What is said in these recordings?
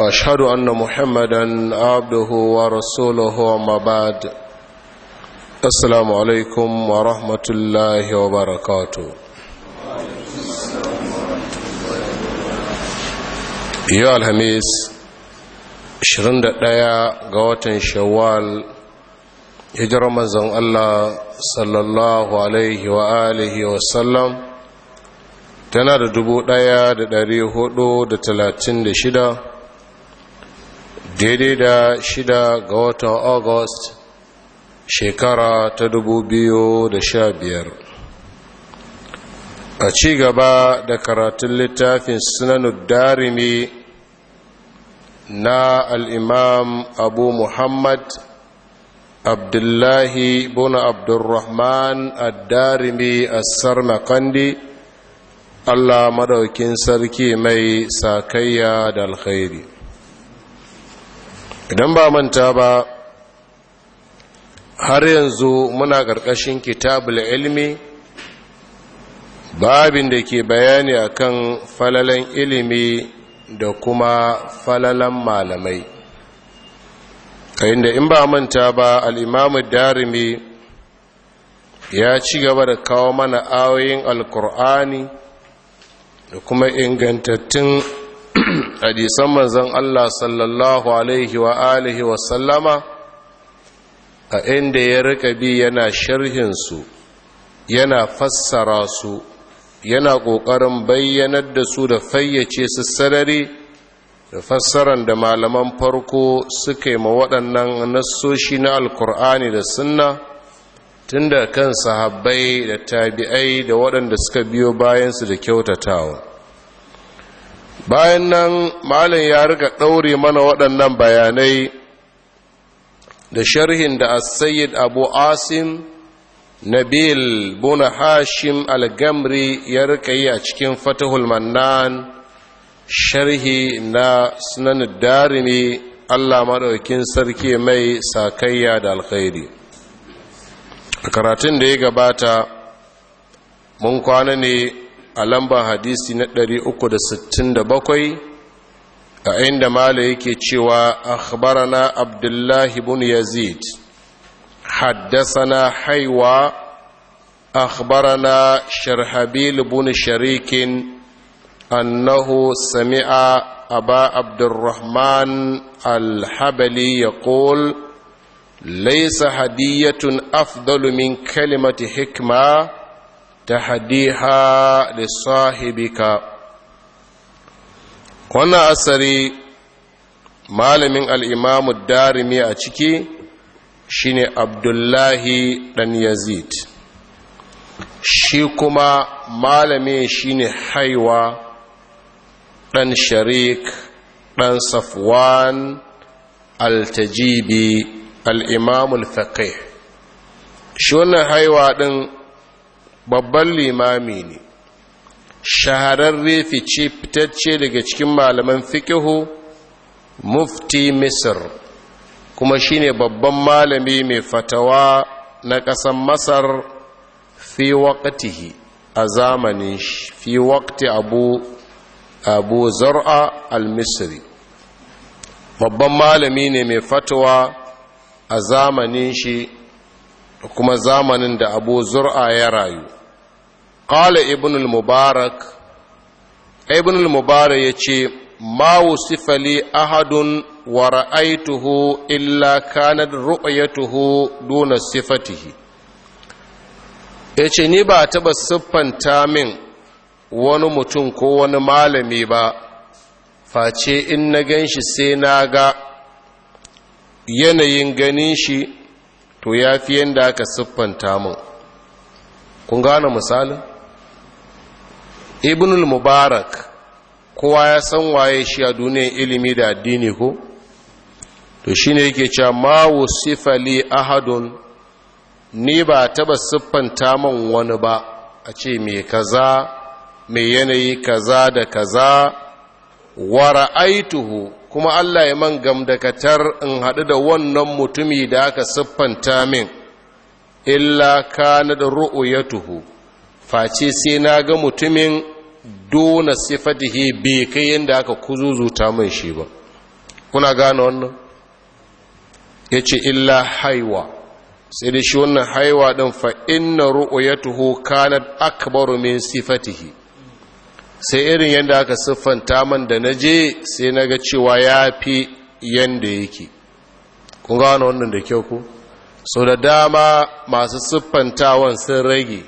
واشهد ان محمدا عبده ورسوله وما بعد السلام عليكم ورحمه الله وبركاته يا الهميس 21 ga watan shawwal hijirar manzon Allah sallallahu alaihi wa alihi tana da dubu ɗaya da da da ɗari hudu talatin shida. daidai da shida ga watan august shekara ta dubu biyu da sha biyar. a ci gaba da karatun littafin sunanud darimi na al'imam abu muhammad abdullahi bin abdurrahman ad-darimi sarma Kande, allah madaukin sarki mai sakayya da alkhairi idan ba manta ba har yanzu muna ƙarƙashin kitabul ilmi babin da ke bayani akan falalan ilimi da kuma falalan malamai kayan da in ba manta ba al'imamu darimi ya ci gaba da kawo mana ayoyin alkur'ani da kuma ingantattun hadisan manzon Allah sallallahu alaihi wa alihi wa sallama a inda ya rika bi yana sharhinsu, yana fassara su yana ƙoƙarin bayyanar da su da fayyace su sarari da fassaran da malaman farko suka yi ma waɗannan nassoshi na alkur'ani da sunna tunda kan sahabbai da tabi'ai da waɗanda suka biyo bayansu da kyautatawa bayan nan malin ya rika ɗaure mana waɗannan bayanai da sharhin da asayid abu asim nabil buna hashim al-gamri ya rika yi a cikin fatahul mannan sharhi na sunan darimi allah maɗaukin sarki mai sakayya da alkhairi a karatun da ya gabata mun kwana ne a lamba hadisi na 367 a inda mala yake cewa akhbarana abdullahi bin yazid haddasa na haiwa akhbarana sharhabil bin sharikin annahu sami'a aba abdurrahman alhabali ya ƙol laisa hadiyatun afdalu min kalimati hikma tahdiha sahibika wannan asari malamin al'imamu darimi a ciki shine abdullahi dan yazid shi kuma malamin shine haiwa dan sharik dan safwan altajibi al'imamu al-faqih shi wannan haiwa din babban limami ne shahararre fice fitacce daga cikin malaman fikihu mufti misir kuma shine babban malami mai fatawa na ƙasar masar fi waƙatihi a zamanin fi waƙti abu abu zar'a al-misri babban malami ne mai fatawa a zamanin shi kuma zamanin da abu zur'a ya rayu ƙala ibn al-mubarak ibn al-mubarak ya ce ma wusifali ahadun wa ra'aituhu illa kanad ru'ayatuhu duna sifatihi yace ni ba taɓa siffanta min wani mutum ko wani malami ba face in na gan shi sai na ga yanayin ganin shi to ya fi yadda aka siffanta mun kun gane misalin ibnul mubarak kowa ya san waye shi a duniyar ilimi da addini ko to shi ne yake cewa ma sifali li ahadun ni ba taba siffanta mun wani ba a ce mai kaza mai yanayi kaza da kaza wa ra'aituhu kuma Allah ya man gamdakatar in haɗu da wannan mutumi da aka siffanta min illa kana da tuhu. face sai na ga mutumin dona sifatihi bai kai yadda aka kuzuzuta min shi ba kuna gane wannan ya ce illa haiwa sai da shi wannan haiwa ɗin fa inna tuho kanat akbaru min sifatihi sai irin yadda aka siffanta man da na je sai na ga cewa ya fi yadda yake kun gano wannan da kyau ku so da dama masu siffantawan sun rage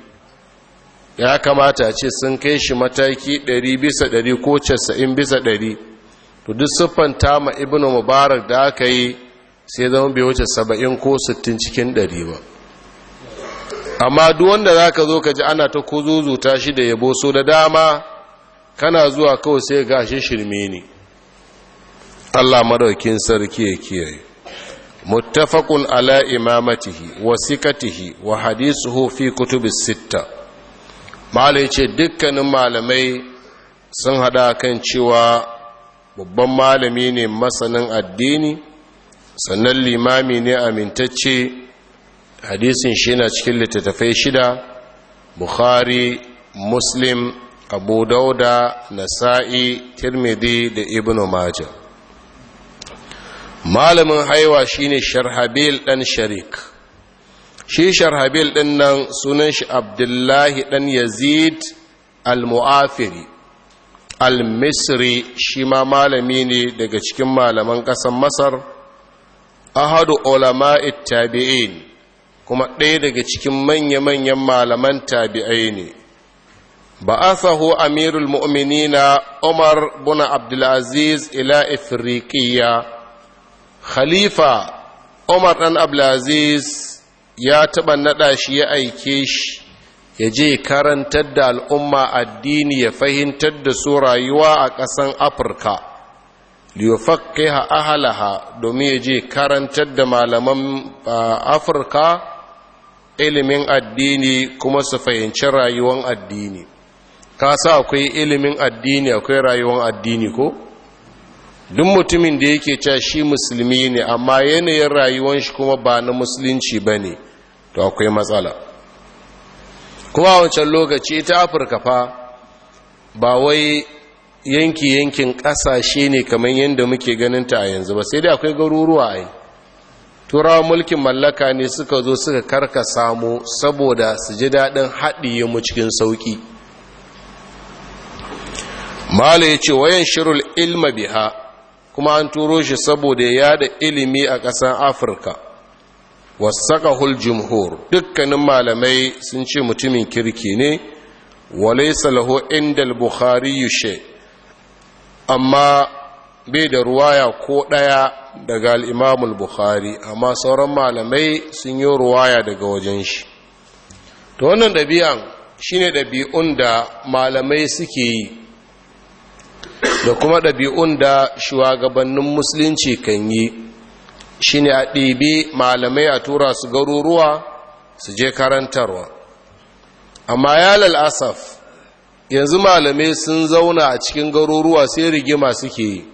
ya kamata ce sun kai shi mataki 100 bisa 100 ko 90 bisa 100 to duk siffanta ma ibnu mubarak da aka yi sai zama bai wuce 70 ko 60 cikin 100 ba amma duk wanda za ka zo ka ji ana ta kuzuzuta shi da yabo so da dama kana zuwa kawai sai gashi shirme ne Allah madaukin sarki ya kiyaye muttafaqun ala imamatihi wa sikatihi wa hadithuhu fi kutubis sitta malai ce dukkanin malamai sun hada kan cewa babban malami ne masanin addini sannan limami ne amintacce hadisin shi na cikin littattafai shida bukhari muslim abu dauda nasa'i tirmidhi da ibn majah malamin haiwa shine sharhabil dan sharik shi sharhabil din nan sunan shi abdullahi dan yazid al-mu'afiri al-misri shi ma malami ne daga cikin malaman ƙasar masar ahadu ulama'i tabi'in kuma ɗaya daga cikin manya-manyan malaman tabi'ai ne ba'asahu amirul mu'minina umar bin abdulaziz ila ifriqiya khalifa umar dan abdulaziz ya taɓa naɗa shi ya aike shi ya je karantar da al'umma addini ya fahimtar da su rayuwa a ƙasan afirka liyofakaiha ahalaha domin ya je karantar da malaman afirka ilimin addini kuma su fahimci rayuwan addini ka sa akwai ilimin addini akwai rayuwar addini ko duk mutumin da yake cewa shi musulmi ne amma yanayin rayuwar shi kuma ba na musulunci ba ne to akwai matsala kuma a wancan lokaci ita afirka fa ba wai yanki-yankin ƙasashe ne kamar yadda muke ganin ta a yanzu ba sai dai akwai garuruwa ai turawa mulkin mallaka ne suka zo suka karka samu saboda su ji daɗin haɗiye mu cikin sauƙi mala ya ce wayan shirul ilma biha kuma an turo shi saboda ya da ilimi a ƙasar afirka wasaka huljumhur dukkanin malamai sun ce mutumin kirki ne walaisa salahu inda bukhari yushe amma bai da ruwaya ko ɗaya daga al'imamul buhari amma sauran malamai sun yi ruwaya daga wajen shi ta wannan ɗabi'an shine ɗabi'un da malamai suke yi da kuma ɗabi'un da shugabannin musulunci kan yi shi a ɗibi malamai a tura su garuruwa su je karantarwa amma ya lalasaf yanzu malamai sun zauna a cikin garuruwa sai rigima suke yi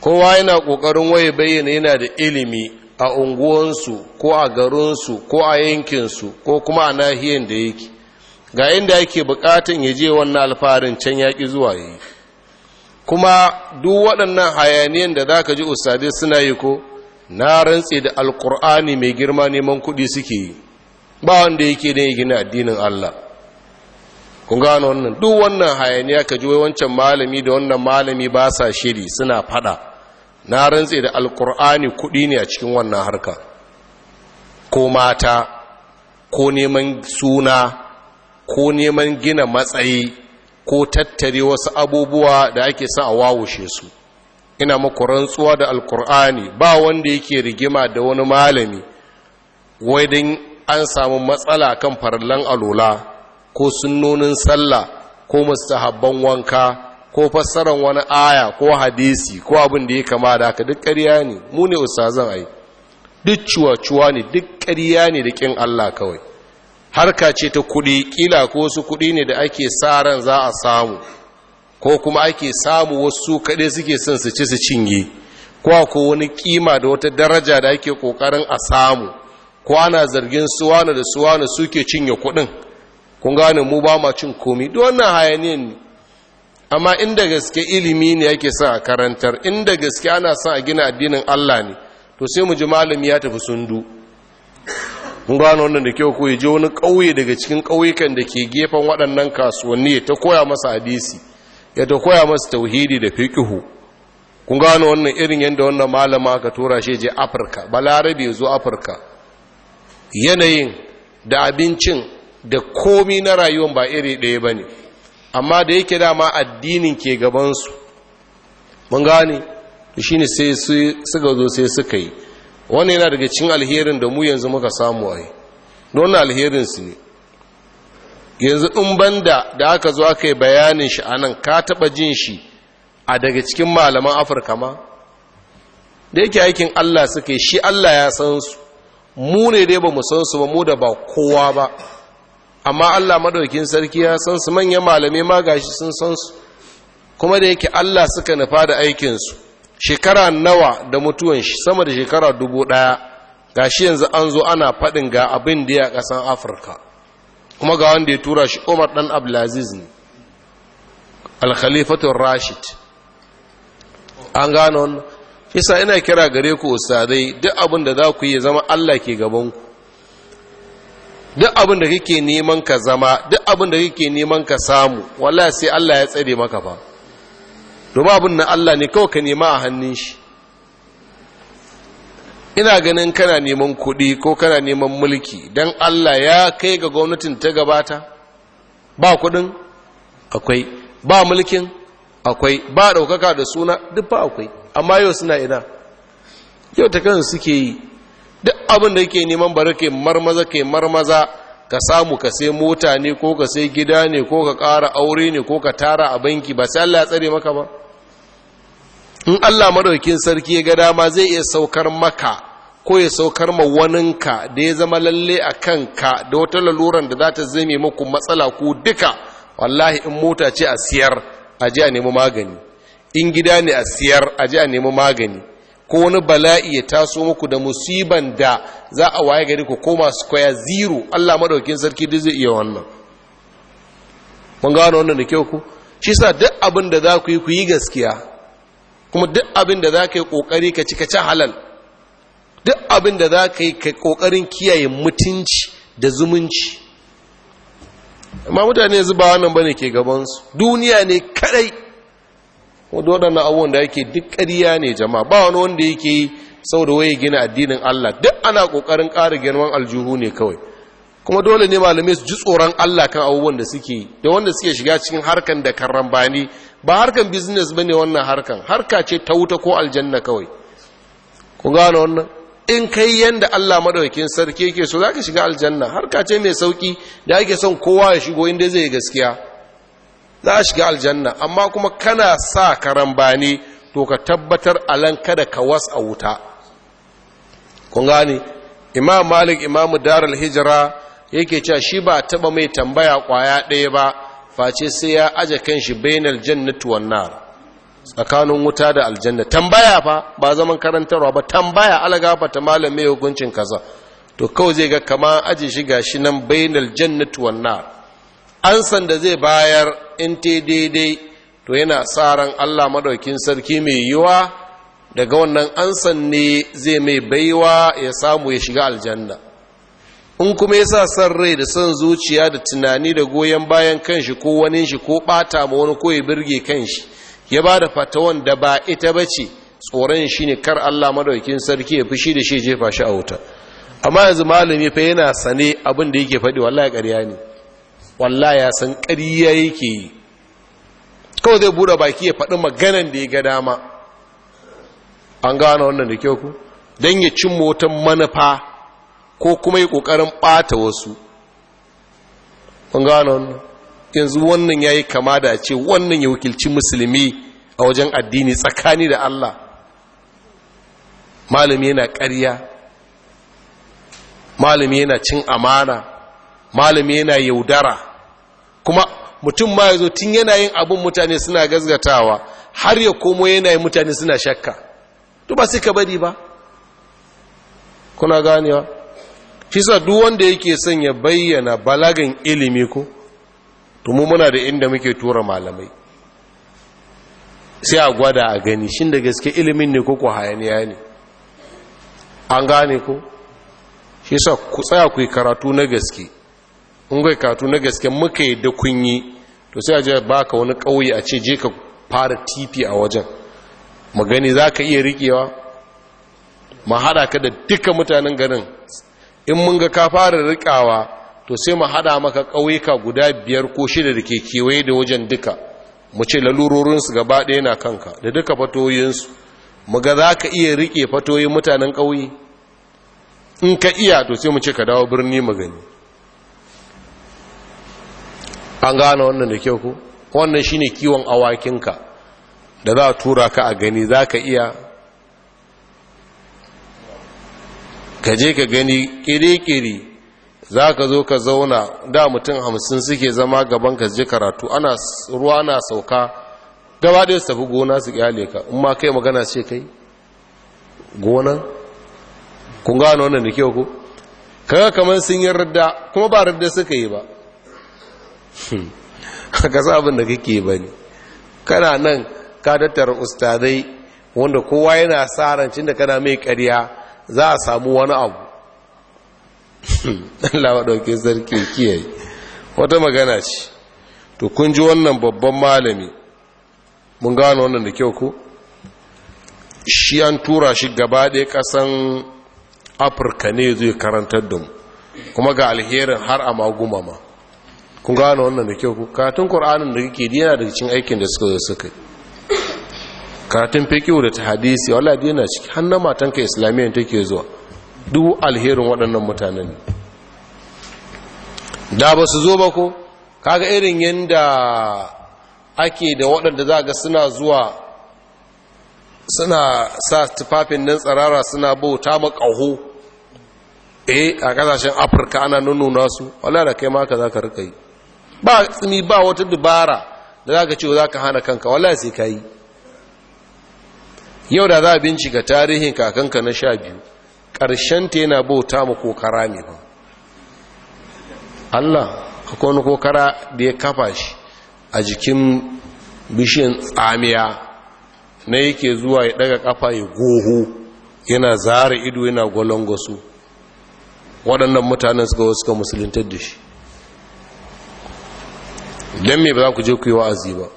kowa yana ƙoƙarin waye bayyana yana da ilimi a unguwansu ko a garinsu ko a yankinsu ko kuma a nahiyar da yake ga inda yake bukatun ya je wannan alfarin can yaƙi zuwa yi kuma duk waɗannan hayaniyan da za ka ji ustadai suna yi ko na rantse da alkur'ani mai girma neman kuɗi suke yi ba wanda yake ne gina addinin Allah kun gano wannan duk wannan hayaniya ka ji wancan malami da wannan malami ba sa shiri suna faɗa. na rantse da alkur'ani kuɗi ne a cikin wannan harka ko mata ko neman suna ko neman gina matsayi ko tattare wasu abubuwa da ake sa a wawushe su ina muku rantsuwa da alkur'ani ba wanda yake rigima da wani malami wai don an samu matsala kan farallan alola ko sunnonin sallah ko mustahabban wanka ko fassarar wani aya ko hadisi ko abin da ya kama da haka duk ƙarya ne mu ne ustazan ai duk cuwa-cuwa ne duk ƙarya ne da ƙin Allah kawai harka ce ta kuɗi ƙila ko wasu kuɗi ne da ake sa ran za a samu ko kuma ake samu wasu kaɗai suke son su ci su cinye ko ko wani kima da wata daraja da ake ƙoƙarin a samu ko ana zargin suwana da suwana suke cinye kuɗin kun gane mu ba ma cin komi duk wannan hayaniyan ne amma inda gaske ilimi ne yake son a karantar inda gaske ana son a gina addinin Allah ne to sai mu ji malami ya tafi sundu mun gano wannan da kyau ko ya je wani ƙauye daga cikin ƙauyukan da ke gefen waɗannan kasuwanni ya ta koya masa hadisi ya ta koya masa tauhidi da fiqhu kun gano wannan irin yanda wannan malama ka tura shi je Afirka balarabe zo Afirka yanayin da abincin da komi na rayuwar ba iri ɗaya bane amma da yake dama addinin ke gabansu mun gane to shine sai suka zo sai suka yi Wani yana daga cikin alherin da mu yanzu muka samu ai don alherin su ne yanzu in banda da aka zo aka yi bayanin shi anan ka taba jin shi a daga cikin malaman afirka ma da yake aikin allah suke shi allah ya san su mu ne dai ba mu san su ba mu da ba kowa ba amma allah madaukin sarki ya san su manyan malamai ma gashi sun san su kuma da yake allah suka nufa da aikinsu shekara nawa da mutuwan shi sama da shekara dubu ɗaya ga shi yanzu an zo ana faɗin ga abin da ya ƙasan afirka kuma ga wanda ya tura shi umar ɗan abulaziz ne alkhalifatun rashid an gano fisa ina kira gare ku ustadai duk abin da za ku yi zama allah ke gaban ku, duk abin da kake neman ka zama duk abin da kake neman ka samu wallahi sai allah ya tsare maka fa domin abin na Allah ne kawai ka nema a hannun shi ina ganin kana neman kuɗi ko kana neman mulki don Allah ya kai ga gwamnatin ta gabata ba kuɗin akwai ba mulkin akwai ba ɗaukaka da suna duk ba akwai amma yau suna ina yau ta kan suke yi duk abin da yake neman bari ke marmaza ke marmaza ka samu ka sai mota ne ko ka sai gida ne ko ka ƙara aure ne ko ka tara a banki ba sai Allah ya tsare maka ba in Allah madaukin sarki ya ga dama zai iya saukar maka ko ya saukar ma waninka da ya zama lalle a kanka da wata laluran da za ta zame muku matsala ku duka wallahi in mota ce a siyar a ji a nemi magani in gida ne a siyar a ji a nemi magani ko wani bala'i ya taso muku da musiban da za a waye gari ku koma square zero Allah madaukin sarki duk zai iya wannan mun gano wannan da kyau ku shi sa duk abin da za ku yi ku yi gaskiya kuma duk abin da za ka yi ƙoƙari ka cika ci halal duk abin da za ka yi ka ƙoƙarin kiyaye mutunci da zumunci amma mutane yanzu ba wannan bane ke gabansu duniya ne kadai wadda waɗannan abubuwan da yake duk ƙarya ne jama'a ba wani wanda yake yi sau da waye gina addinin Allah duk ana ƙoƙarin ƙara girman aljihu ne kawai kuma dole ne malamai su ji tsoron Allah kan abubuwan da suke yi da wanda suke shiga cikin harkan da karambani ba harkan business bane wannan harkan harka ce ta wuta ko aljanna kawai ku gano wannan in kai yanda Allah madaukakin sarki yake so zaka shiga aljanna harka ce mai sauki da ake son kowa ya shigo inda zai gaskiya za a shiga aljanna amma kuma kana sa karan bani to ka tabbatar alan kada ka was a wuta Ku gane imam malik imam darul hijra yake cewa shi ba taba mai tambaya kwaya ɗaya ba face sai ya aje kanshi bainal jannati wan nar tsakanin wuta da aljanna tambaya fa ba zaman karantarwa ba tambaya algafa ta malame hukuncin kaza to kawai zai ga kama aje shi gashi nan bainal jannati wan nar an san da zai bayar in te daidai to yana tsaran Allah madaukin sarki mai yiwa daga wannan ansan ne zai mai baiwa ya samu ya shiga aljanna in kuma ya sa san rai da san zuciya da tunani da goyon bayan kanshi ko wani shi ko bata ma wani ko ya birge kanshi ya ba da fatawan da ba ita ba ce tsoron shi ne kar allah madaukin sarki ya fushi da shi jefa shi a wuta amma yanzu malami fa yana sane abin da yake faɗi wallahi ƙarya ne wallahi ya san ƙarya yake yi kawai zai buɗe baki ya faɗi maganan da ya ga dama an gano wannan da kyau ku Dan ya cin motan manufa ko kuma yi ƙoƙarin ɓata wasu kun gano wannan yanzu wannan ya yi kama da ce wannan ya wakilci musulmi a wajen addini tsakani da allah malami yana ƙarya malami yana cin amana malami yana yaudara kuma mutum ma ya zo tun yana yin abin mutane suna gazgatawa har ya komo yana mutane suna shakka to ba sai ka bari ba kuna ganewa shisa sa duk wanda yake son ya bayyana balagan ilimi ko to muna da inda muke tura malamai sai a gwada a gani shin da gaske ilimin ne ko ku hayaniya ne an gane ko shi sa ku tsaya ku karatu na gaske in ga karatu na gaske muka yi da kun to sai a je baka wani kauye a ce je ka fara tifi a wajen magani za ka iya riƙewa ma haɗa ka da duka mutanen garin in mun ga ka fara rikawa to sai mu hada maka ƙauyuka guda biyar ko shida da ke kewaye da wajen duka mu ce lalurorinsu gaba ɗaya na kanka da duka fatoyinsu mu ga za ka iya rike fatoyin mutanen ƙauye in ka iya to sai mu ce ka dawo birni mu gani an gane wannan da kyau ko wannan shine kiwon awakinka da za a tura ka a gani za ka iya ka je ka gani kirikiri za ka zo ka zauna da mutum hamsin suke zama gaban ka je karatu ana ruwa na sauka gaba ɗaya su tafi gona su kyale ka in ma kai magana ce kai gona kun gano wannan da kyau ku kaga kamar sun yi radda kuma ba radda suka yi ba hmm. ka sa abin da kake ba ne kana nan ka dattar ustadai wanda kowa yana sa da kana mai karya za a samu wani abu Allah ɗauke sarki kiyaye wata magana ce to kun ji wannan babban malami mun gano wannan da kyau ku? shi an tura shi gaba ɗaya ƙasan afirka ne zai karantar da mu kuma ga alherin har a maguma ma kun gano wannan da kyau ku? katun ƙur'anin da kake yana daga cikin aikin da suka zo suka yi karatun fikiyu da ta hadisi wala yana ciki har matanka islamiyyar ke zuwa duk alherin waɗannan mutanen da ba su zo ba ko kaga irin yadda ake da waɗanda za ga suna zuwa suna sa tufafin nan tsarara suna bauta makaho eh a kasashen afirka ana nuna su wala da kai maka za ka rika yi ba tsini ba wata dubara da za ka ce za ka hana kanka wala sai ka yi yau da za a bincika tarihin kakanka na sha biyu ta yana bauta mu kokara ne ba allah akwai wani kokara da ya kafa shi a jikin bishiyan tsamiya na yake zuwa ya daga kafa ya goho yana zara ido yana gwasu waɗannan mutanen suka wasu ka musuluntar da shi don me ba za ku je ku yi wa'azi ba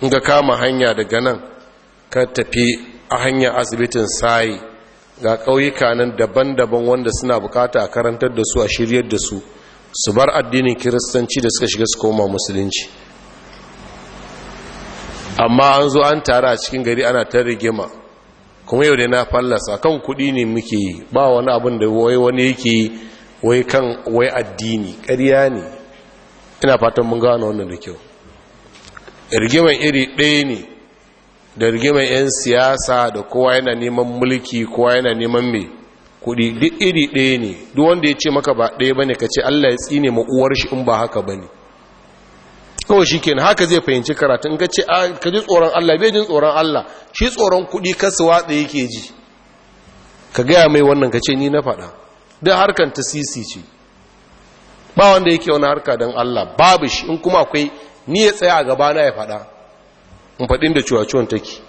in ka kama hanya daga nan ka tafi a hanyar asibitin saye ga ƙauyuka nan daban-daban wanda suna bukata a karantar da su a shiryar da su su bar addinin kiristanci da suka shiga su koma musulunci amma an zo an tare a cikin gari ana ta rigima kuma yau da na fallasa kan kuɗi ne muke yi ba wani abin da wai wani yake yi wai kan wai addini ƙarya ne ina fatan mun gano wannan da kyau rigiman iri ɗaya ne da rigimar 'yan siyasa da kowa yana neman mulki kowa yana neman mai kudi duk iri ɗaya ne duk wanda ya ce maka ba ɗaya ba ne ka ce allah ya tsine ma uwar shi in ba haka ba ne kawai shi kenan haka zai fahimci karatu. ka ce ah, ka ji tsoron allah bai jin tsoron allah shi tsoron kudi kasu watsa yake ji ka gaya mai wannan ka ce ni na faɗa duk harkar ta sisi ce ba wanda yake wani harka don allah babu shi in kuma akwai ni ya tsaya a gabana ya faɗa in faɗin da ciwaciwon take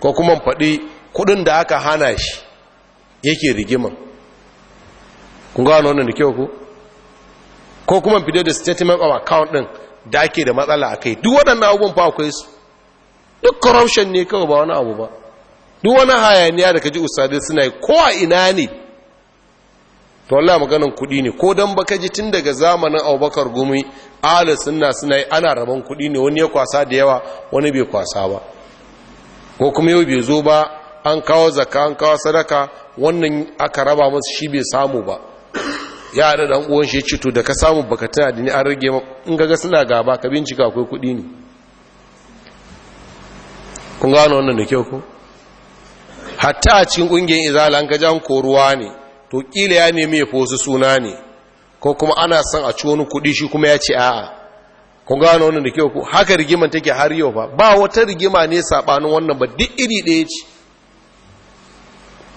ko kuma faɗi kudin da aka hana shi yake rigima, kun gano wannan da kyau ku ko kuma fide da statement of account ɗin da ake da matsala a kai duk waɗannan abubuwan fa akwai su duk corruption ne kawai ba wani abu ba duk wani hayaniya da kaji usadi suna yi ko a ina ne to Allah maganan kuɗi ne ko dan baka ji tun daga zamanin Abubakar gumi ala sunna suna yi ana rabon kuɗi ne wani ya kwasa da yawa wani bai kwasa ba ko kuma yau bai zo ba an kawo zakka an kawo sadaka wannan aka raba masa shi bai samu ba ya da dan uwan shi cito da ka samu baka tana da ni an rage in ga suna gaba ka bincika akwai kuɗi ne kun gano wannan da kyau ko hatta a cikin ƙungiyar izala an ga jan koruwa ne to kila ya nemi ya fosu suna ne ko kuma ana son a ci wani kuɗi shi kuma ya ce a'a kun gano wani da kyau haka rigiman take har yau ba ba wata rigima ne sabanin wannan ba duk iri ɗaya ce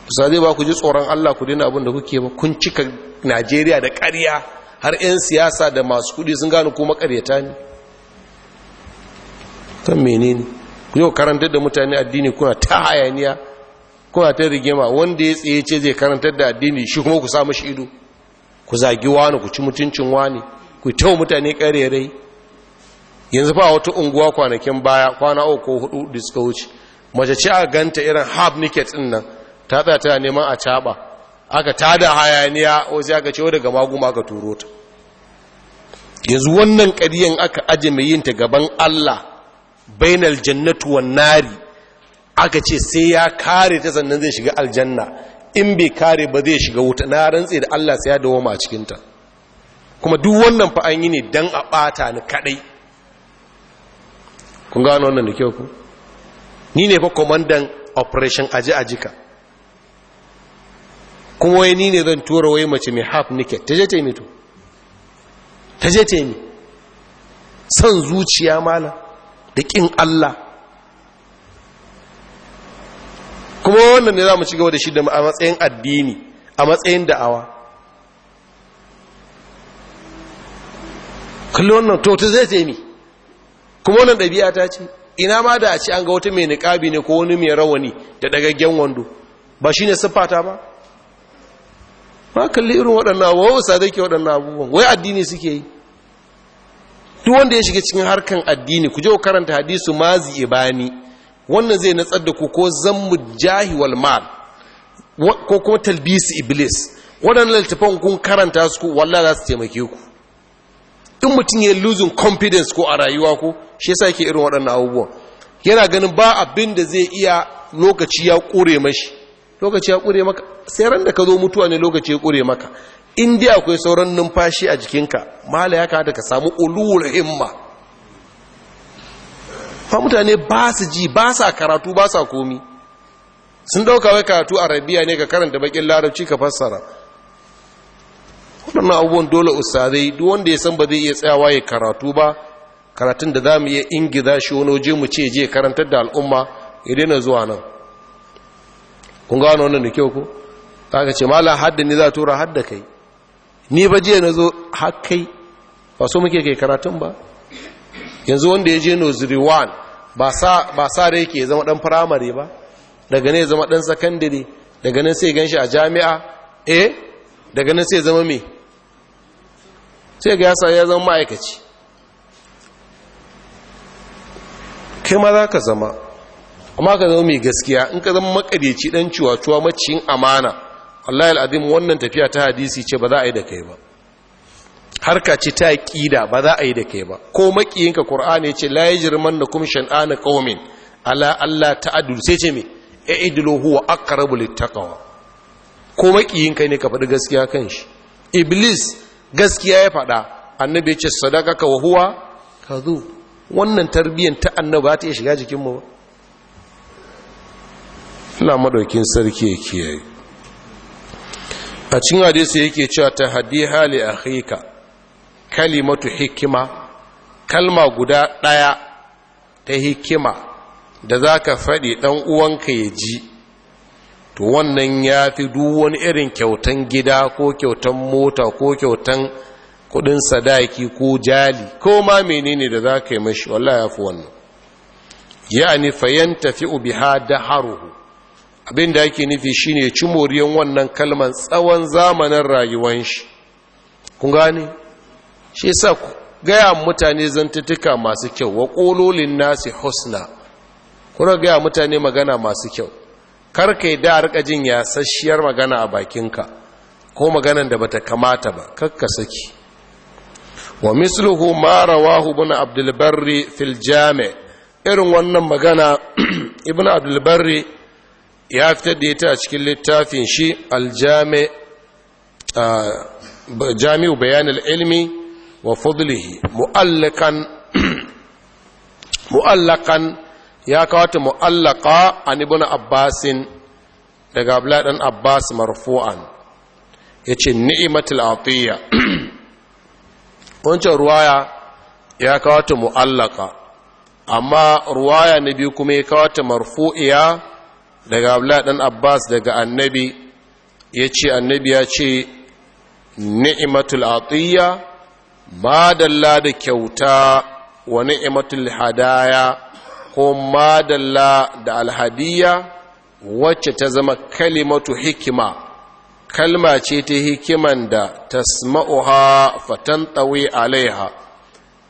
zai ba ku ji tsoron Allah ku dina abin da kuke ba kun cika Najeriya da ƙarya har 'yan siyasa da masu kuɗi sun gano kuma ƙaryata ne kan menene ku yau karanta da mutane addini kuna ta hayaniya kuna ta rigima wanda ya tsaye ce zai karantar da addini shi kuma ku sa mashi ido ku zagi wani ku ci mutuncin wani ku tau mutane karerai yanzu ba wata unguwa kwanakin baya kwana uku ko hudu da suka wuce mace ce a ganta irin hab niket din nan ta tsaya tana neman a caba aka tada hayaniya wasu aka ce daga maguma aka turo ta yanzu wannan ƙaryan aka aje mai yin ta gaban Allah bainal jannatu wan nari aka ce sai ya kare ta sannan zai shiga aljanna in bai kare ba zai shiga wuta na rantse da Allah sai ya dawoma a cikinta kuma duk wannan fa an yi ne dan a bata ni kadai kun gano wannan da kyau ku ni ne fa komandan operation aji ajika kuma wai ni ne zan tura wai mace mai half naked ta je ta yi mito ta ta yi San zuciya mala da kin Allah kuma wannan ne za mu ci gaba da shi a matsayin addini a matsayin da'awa kullum wannan totu zai zai kuma wannan ɗabi'a ta ce ina ma da a ci an ga wata mai niƙabi ne ko wani mai rawani da ɗagaggen wando ba shi ne siffata ba ba kalli irin waɗannan abubuwa wasa zai ke waɗannan abubuwan wai addini suke yi duk wanda ya shiga cikin harkan addini ku je ku karanta hadisu mazi ibani wannan zai natsar da ku ko zammu jahi wal mal ko kuma talbisi iblis waɗannan littafan kun karanta su ku wallah za su taimake ku in mutum ya losing confidence ko a rayuwa ko shi yasa yake irin waɗannan abubuwan yana ganin ba abin da zai iya lokaci ya ƙure mashi lokaci ya ƙure maka sai ran da ka zo mutuwa ne lokaci ya kure maka in dai akwai sauran numfashi a jikinka mala ya kada ka samu ulul himma fa mutane ba su ji ba sa karatu ba sa komi sun dauka wai karatu arabiya ne ka karanta bakin larabci ka fassara Wannan abubuwan dole ustazai duk wanda ya san ba zai iya tsayawa ya karatu ba karatun da za mu iya ingiza shi wani waje mu ce je karantar da al'umma ya daina zuwa nan kun gano wannan da kyau ko ta ka ce malam hadda ni za tura hadda kai ni ba jiya na zo har kai ba so muke kai karatun ba yanzu wanda ya je noziriwan ba sa rai ke zama ɗan firamare ba daga ne zama ɗan sakandare daga nan sai gan shi a jami'a eh daga nan sai zama me sai ga yasa ya zama ma'aikaci kai ma za ka zama amma ka zama mai gaskiya in ka zama makadeci ɗan cuwa-cuwa maciyin amana Allah al'adim wannan tafiya ta hadisi ce ba za a yi da kai ba harka ce ta ƙida ba za a yi da kai ba ko makiyinka qur'ani ce la yajrimannakum shan'ana qaumin ala Allah ta'adul sai ce me i'dilu huwa aqrabu littaqwa ko makiyinka ne ka faɗi gaskiya kan shi iblis gaskiya ya faɗa annabi ya ce ka wa huwa Kadu. wannan tarbiyyar ta annabi ba ta iya shiga jikin ba Ina madaukin sarki ya kiyaye a cin hadisi yake cewa ta hadi hali akhika kalimatu hikima kalma guda ɗaya ta hikima da za ka faɗi ɗan uwanka ya ji to wannan ya fi wani irin kyautan gida ko kyautan mota ko kyautan kudin sadaki ko jali ko ma menene da za ka yi mashi wallah ya fi wannan ni fayan tafi ha da haruhu abinda yake nufi shine ci wannan kalman tsawon zamanin rayuwan shi kun gane shi sa gaya mutane zantattuka masu kyau wa ƙololin nasi husna kuna gaya mutane magana masu kyau karka yi da rika jin yasasshiyar magana a bakinka ko maganan da bata kamata ba kakka saki wa misluhu ma rawahu ibn abdul fil jami' irin wannan magana ibn abdul barri ya fitar da ita a cikin littafin shi al jami' jami'u ilmi wa fudlihi mu'allakan ya kawata mu'allaka an ibn abbasin daga abla dan abbas marfu'an yace ni'matul atiya wancan ruwaya ya kawata mu'allaka amma ruwaya na biyu kuma ya kawata marfu'iya daga abla dan abbas daga annabi yace annabi ya ce ni'matul atiya madalla da kyauta wa ni'matul hadaya ko madalla da alhadiya wacce ta zama kalimatu hikima kalma ce ta hikiman da tasma'uha fatantawi alaiha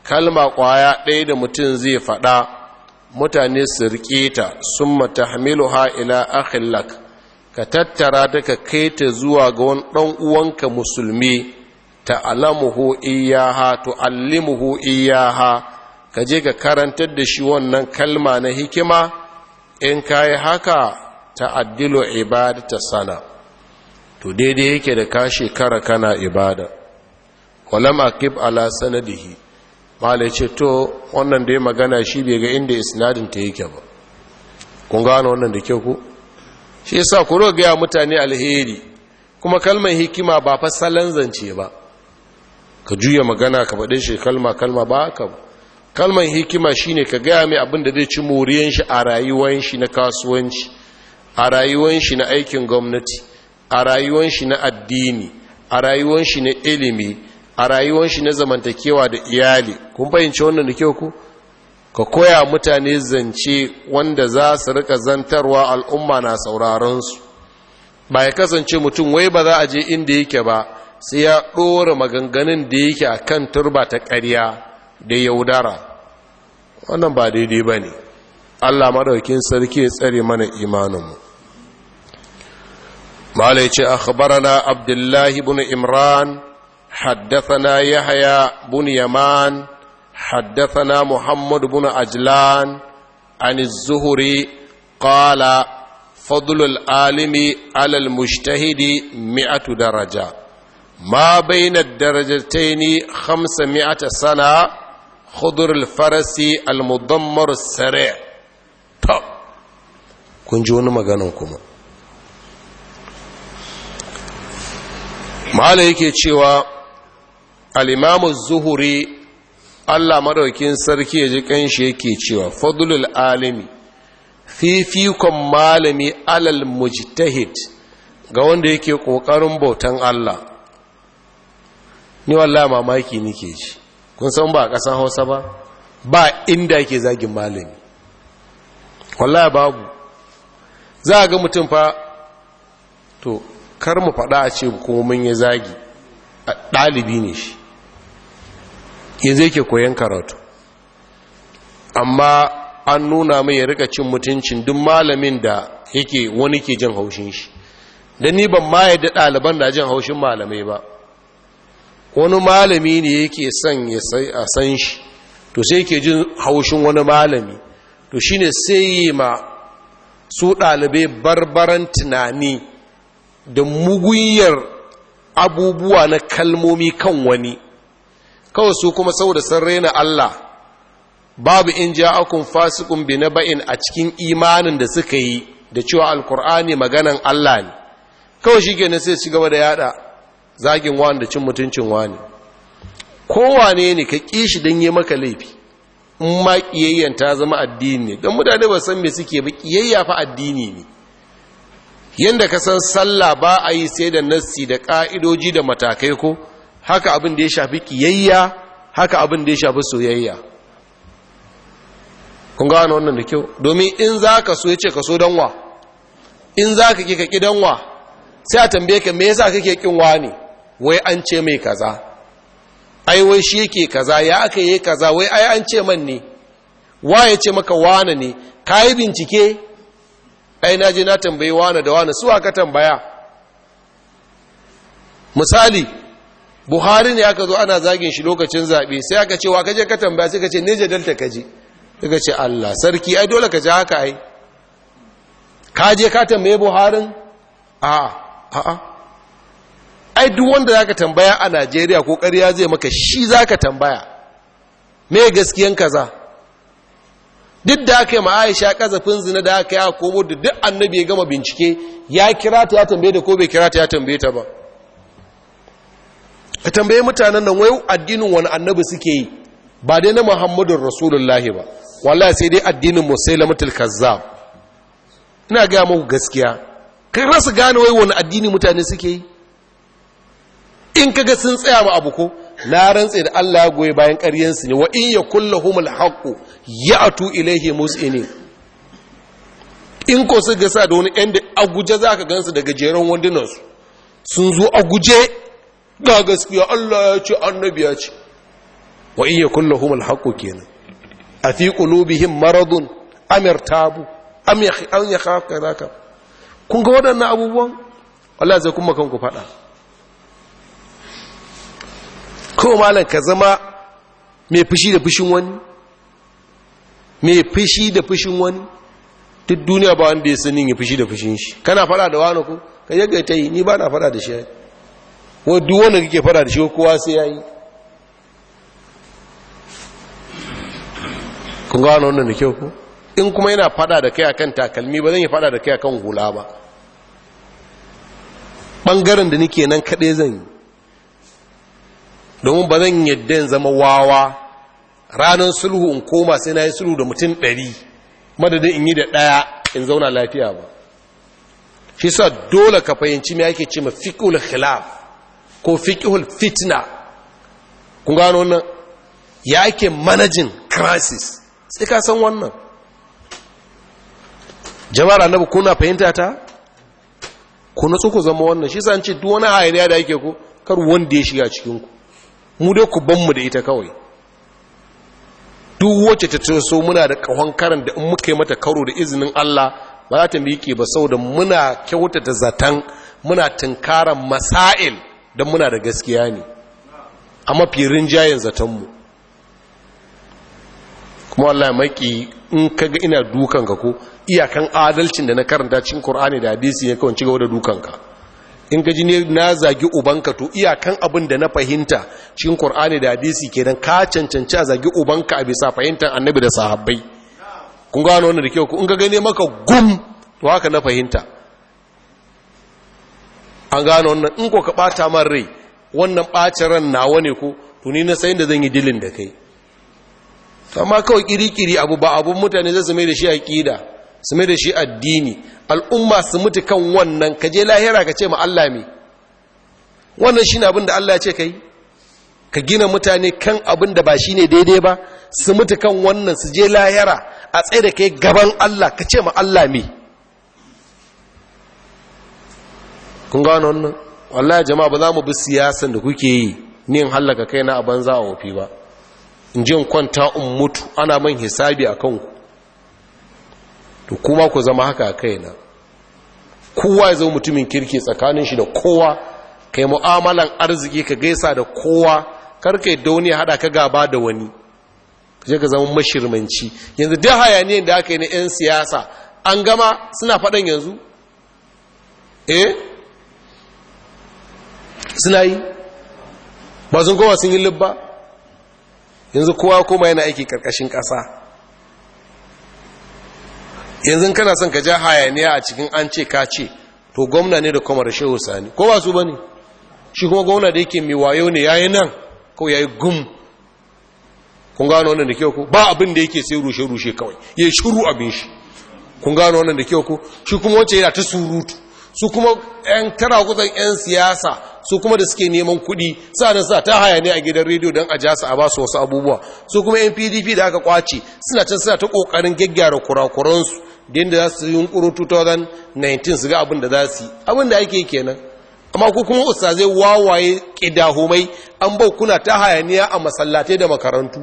kalma kwaya ɗaya da mutum zai faɗa mutane su riƙe ta summa tahmiluha ila akhillak ka tattara ta ka kai ta zuwa ga wani ɗan uwanka musulmi ta'alamuhu iyaha tu'allimuhu iyaha ka je ka karantar da shi wannan kalma na hikima in yi haka ta'addilu ibadata sana to daidai yake da ka shekara kana ibada walam akib ala sanadihi malai ce to wannan da ya magana shi bai ga inda isnadin ta yake ba kun gano wannan da kyau ku shi yasa ku roga ya mutane alheri kuma kalmar hikima ba fa salanzance zance ba ka juya magana ka faɗe shi kalma kalma ba ka kalman hikima shine ka gaya mai abin da zai ci moriyan shi a rayuwan shi na kasuwanci a rayuwan shi na aikin gwamnati a rayuwan shi na addini a rayuwan shi na ilimi a rayuwan shi na zamantakewa da iyali kun fahimci wannan da kyau ku ka koya mutane zance wanda za su rika zantarwa al'umma na sauraron su ba ya kasance mutum wai ba za a je inda yake ba sai ya ɗora maganganun da yake a kan turba ta ƙarya da yaudara wannan ba daidai ba ne allah maɗaukin sarki ya tsare mana imaninmu malai ce akhbarana abdullahi bin imran haddathana yahya bin yaman haddathana Muhammadu, bin ajlan an zuhuri qala fadlul alimi alal mujtahidi mi'atu daraja ma baina darajataini 500 sana khudur al-farasi al-mudammar as-sari' kun ji wani maganan kuma mala yake cewa al-imamu zuhuri Allah madaukin sarki ya ji kanshi yake cewa fadlul alimi fifikon malami alal mujtahid ga wanda yake ƙoƙarin bautan Allah ni wallahi mamaki nike shi kun san ba a ƙasan hausa ba ba inda yake zagin malami wallahi babu za a ga mutum fa to kar mu faɗa a ce ko mun ya zagi ɗalibi ne shi yanzu yake koyan karatu amma an nuna mai ya rika cin mutuncin duk malamin da yake wani ke jin haushin shi da ni ban ma yadda ɗaliban da jin haushin malamai ba wani malami ne yake son ya san shi to sai ke jin haushin wani malami to shine sai yi ma su ɗalibai barbaran tunani da muguyar abubuwa na kalmomi kan wani kawai su kuma saboda sun raina Allah babu in akun fasikun bi ba'in a cikin imanin da suka yi da cewa alkur'ani maganan Allah ne kawai shi ke sai su gaba da yada zagin wani da cin mutuncin wani kowane ne ka kishi shi don yi maka laifi in ma ƙiyayyen ta zama addini ne don mutane ba san me suke ba ƙiyayya fa addini ne yadda ka san sallah ba a yi sai da nassi da ƙa'idoji da matakai ko haka abin da ya shafi ƙiyayya haka abin da ya shafi soyayya kun wani wannan da kyau domin in za ka so ya ce ka so don wa in za ka ƙi ka ƙi don wa sai a tambaye ka me yasa kake ƙin wa ne wai an ce mai kaza ai wai shi yake kaza ya aka yi kaza wai ai an ce man ne wa ya ce maka wane ne ka yi bincike ai na je na tambayi wane da wane su aka tambaya misali buhari ne aka zo ana zagin shi lokacin zaɓe sai aka ce wa je ka tambaya sai ka ce ne jadalta je? Ka ce Allah sarki ai dole ka ji haka ai ka je ka tambaye buharin a a ai duk wanda zaka tambaya a Najeriya ko ƙarya zai maka shi zaka tambaya me gaskiyan kaza duk da aka yi ma Aisha kazafin zina da aka yi a kobo da duk annabi ya gama bincike ya kira ta ya tambaye da ko bai kira ta ya tambaye ta ba ka tambaye mutanen nan wai addinin wani annabi suke yi ba dai na Muhammadun Rasulullahi ba wallahi sai dai addinin Musailamatul Kazzab ina gaya muku gaskiya kai rasa gane wai wani addini mutane suke yi in kaga sun tsaya ma abu ko na rantse da Allah ya goyi bayan su ne wa in ya kullahum alhaqu ya'tu ilayhi mus'ini in ko su sa da wani ɗan da aguje zaka gansu daga jeron wandunan su sun zo aguje ga gaskiya Allah ya ce annabi ya ce wa in ya kullahum alhaqu kenan a fi qulubihim maradun am irtabu am yakhafu ka kun ga waɗannan abubuwan Allah zai kuma kanku faɗa kawai malam ka zama mai fushi da fushin wani mai fushi da fushin wani duk duniya ba wanda ya sanin ya fushi da fushin shi kana fara da wani ku ka yaga ta yi ni ba na fara da shi wa duk wanda kake fara da shi kowa sai ya yi kun gano wannan da kyau ko in kuma yana fada da kai akan takalmi ba zan yi fada da kai akan hula ba ɓangaren da nake nan kaɗai zan yi domin ba zan yadda yin zama wawa ranar sulhu in koma sai na yi sulhu da mutum ɗari madadin in yi da ɗaya in zauna lafiya ba shi sa dole ka fahimci mai ake ce ma fiƙul khilaf ko fiƙul fitna kun gano wannan ya ake manajin crisis sai ka san wannan jama'ar annabi kuna fahimta ta ku nutsu ku zama wannan shi sa an ce duk wani hayaniya da ake ku kar wanda ya shiga cikinku mu dai ku banmu da ita kawai duk wacce ta so muna da kahon karan da in muka yi mata karo da izinin Allah ba za ta miƙe ba saboda muna kyautata zaton muna tunkaran masail don muna da gaskiya ne a mafi rinjayen zatonmu kuma Allah ya maki in kaga ina dukanka ko iyakan adalcin da na karanta cikin Qur'ani da hadisi ne kawai ci gaba da dukanka in gaji ne na zagi ubanka to iyakan abin da na fahimta cikin Kur'ani da hadisi kenan ka cancanci a zagi ubanka a bisa fahimtar annabi da sahabbai kun gano wannan da kyau ku in ga gane maka gum to haka na fahimta an gano wannan in ko ka bata man rai wannan bacin ran nawa ne ko to ni na sayin da zan yi dilin da kai amma kawai kirikiri abu ba abun mutane zai zama da shi aqida su mai da shi addini al'umma su mutu kan wannan ka je lahira ka ce ma Allah me wannan ne abin da Allah ya ce kai ka gina mutane kan abin da ba ne daidai ba su mutu kan wannan su je lahira a tsaye da kai gaban Allah ka ce ma Allah me kun gano wannan wallahi jama'a ba za mu bi siyasan da kuke yi ni in hallaka kaina a banza a wofi ba in ji in kwanta in mutu ana man hisabi a kanku to kuma ku zama haka kaina kowa ya zo mutumin kirki tsakanin shi da kowa kai mu'amalan arziki ka gaisa da kowa karka yadda wani ya haɗa ka gaba da wani je ka zama mashirmanci yanzu duk hayaniyar da aka yi na 'yan siyasa an gama suna faɗan yanzu eh suna yi ba sun kowa sun yi libba yanzu kowa kuma yana aiki ƙarƙashin ƙasa yanzu kana son ka ja hayaniya a cikin an ce ka ce to gwamna ne da kuma da shehu sani ko ba su ba ne shi kuma gwamna da yake mai wayo ne yayi nan ko yayi gum kun gano wannan da kyau ko ba abin da yake sai rushe rushe kawai Ya shiru abin shi kun gano wannan da kyau ko shi kuma wace yana ta surutu su kuma yan tara kusan yan siyasa su kuma da suke neman kuɗi sa'an sa ta haya ne a gidan rediyo don a jasa a basu wasu abubuwa su kuma yan pdp da aka kwace suna can suna ta kokarin gyaggyara kurakuransu da za su yunkuru 2019 su ga abin da za su yi abin da ake kenan amma ku kuma ustazai wawaye kidahumai an bau kuna ta hayaniya a masallatai da makarantu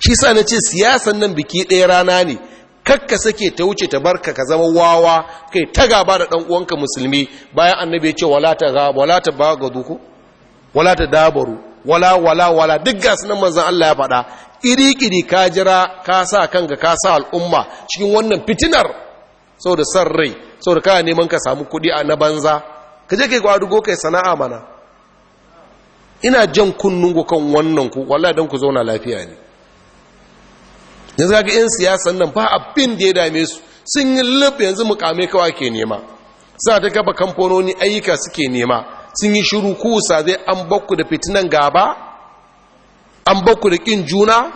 shi sa na ce siyasan nan biki ɗaya rana ne kakka sake ta wuce ta barka ka zama wawa kai ta gaba da ɗan uwanka musulmi bayan annabi ya ce wala ta gaba ba ga duku wala ta dabaru wala wala wala duk gasu nan manzan Allah ya faɗa ƙiriƙiri ka jira ka sa kanka ka sa al'umma cikin wannan fitinar sau da san rai sau da kana neman ka samu kuɗi a na banza ka je ka yi kwadugo ka sana'a mana ina jan kunnun ku kan wannan ku wallah don ku zauna lafiya ne yanzu ga 'yan siyasan nan ba abin da ya dame su sun yi lub yanzu mukame kawai ke nema sa ta kafa kamfanoni ayyuka suke nema sun yi shiru kusa zai an bakku da fitinan gaba an bakku da ƙin juna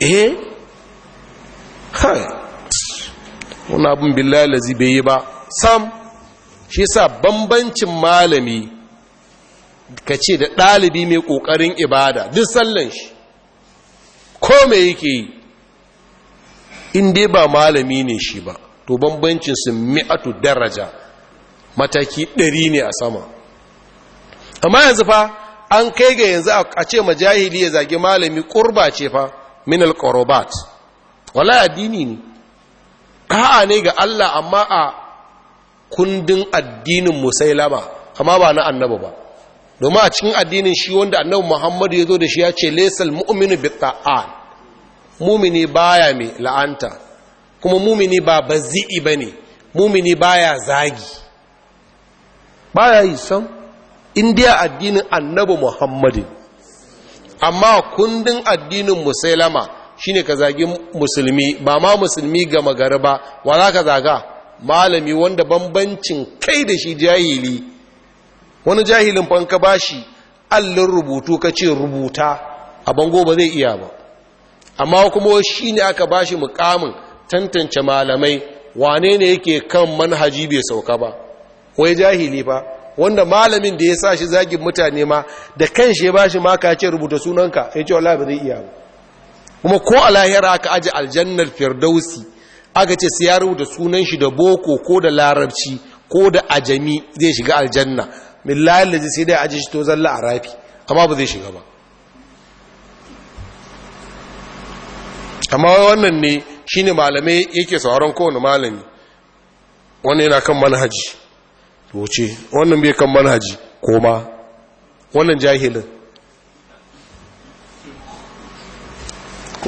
eh hai wani abin billalazi bai yi ba sam shi sa bambancin malami ka ce da ɗalibi mai ƙoƙarin ibada duk sallan shi ko mai yake yi in dai ba malami ne shi ba to bambancin su mi'atu daraja mataki ɗari ne a sama amma yanzu fa an kai ga yanzu a ce ma jahili ya zagi malami kurba ce fa min alqorobat wala addini ne ka'a ne ga Allah amma a kundin addinin musailama amma ba na annabi ba domin a cikin addinin shi wanda annabi muhammad ya zo da shi ya ce laysal mu'minu bitta'an mumini baya mai la'anta kuma mumini ba bazi'i bane mumini baya zagi baya yi san indiya addinin annabi muhammadin amma kundin addinin musulama shine ka zagi musulmi ba ma musulmi ga magari ba wa za ka zaga malami wanda bambancin kai da shi jahili wani jahilin fanka ba shi allin rubutu ka ce rubuta a bango ba zai iya ba amma kuma shi ne aka ba shi mukamin tantance malamai wane ne yake kan manhaji bai sauka ba wai jahili ba wanda malamin da ya sa shi zagin mutane ma da kan shi ba shi maka ce rubuta sunanka ya ce wallahi ba zai iya kuma ko a lahira aka aje aljannar firdausi aka ce sai ya rubuta sunan shi da boko ko da larabci ko da ajami zai shiga aljanna billahi lazi sai dai aje shi to zalla a rafi amma ba zai shiga ba amma wannan ne shine malamai yake sauran kowane malami wannan yana kan manhaji wuce wannan bai kan manhaji koma wannan jahilin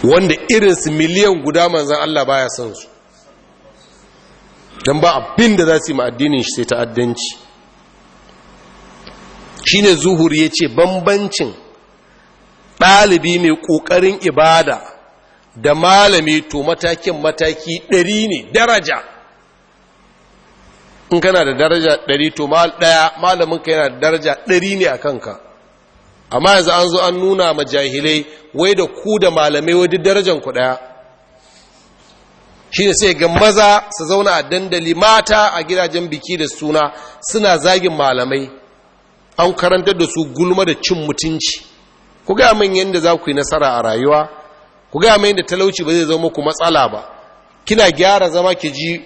wanda irinsu miliyan guda manzan Allah baya son su don ba abin da za su yi ma'addinin shi sai ta'addanci shi ne zuhur ya ce bambancin ɗalibi mai ƙoƙarin ibada da malami to matakin mataki ɗari ne daraja in kana da daraja ɗari to mal ɗaya malaminka yana da daraja ɗari ne a kanka amma yanzu an zo an nuna ma jahilai wai da ku da malamai wadda darajan ku ɗaya shi ne sai ga maza su zauna a dandali mata a gidajen biki da suna suna zagin malamai an karantar da su gulma da cin mutunci ku ga min yadda za ku yi nasara a rayuwa ku ga min yadda talauci ba zai zama ku matsala ba kina gyara zama ki ji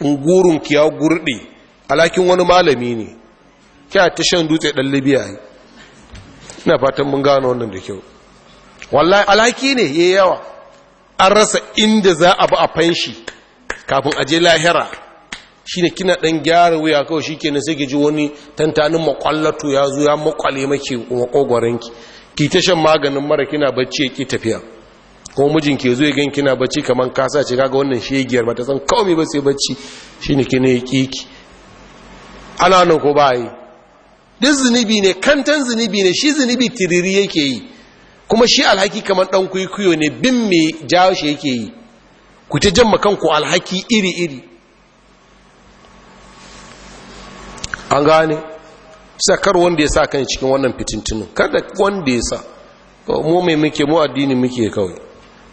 ungurunki ya gurɗe alakin wani malami ne kya ta shan dutse ɗan libya ne ina fatan mun gano wannan da kyau wallahi alaki ne ya yawa an rasa inda za a ba a fanshi kafin a je lahira shi kina ɗan gyara wuya kawai shi kenan sai ji wani tantanin makwallato ya zo ya makwale maki makogwaranki ki ta shan maganin mara kina bacci ya ki tafiya kuma mijin ke zo ya gan kina bacci kaman kasa ce kaga wannan shegiyar ba ta san kawai ba sai bacci shine kina ya kiki ana nan ko bai yi duk zunubi ne kantan zunubi ne shi zunubi tiriri yake yi kuma shi alhaki kamar dan kuikuyo ne bin me jawo shi yake yi ku ta jamma kanku alhaki iri iri an gane kar wanda ya sa kan cikin wannan fitintunu kada wanda ya sa mu mai muke mu addini muke kawai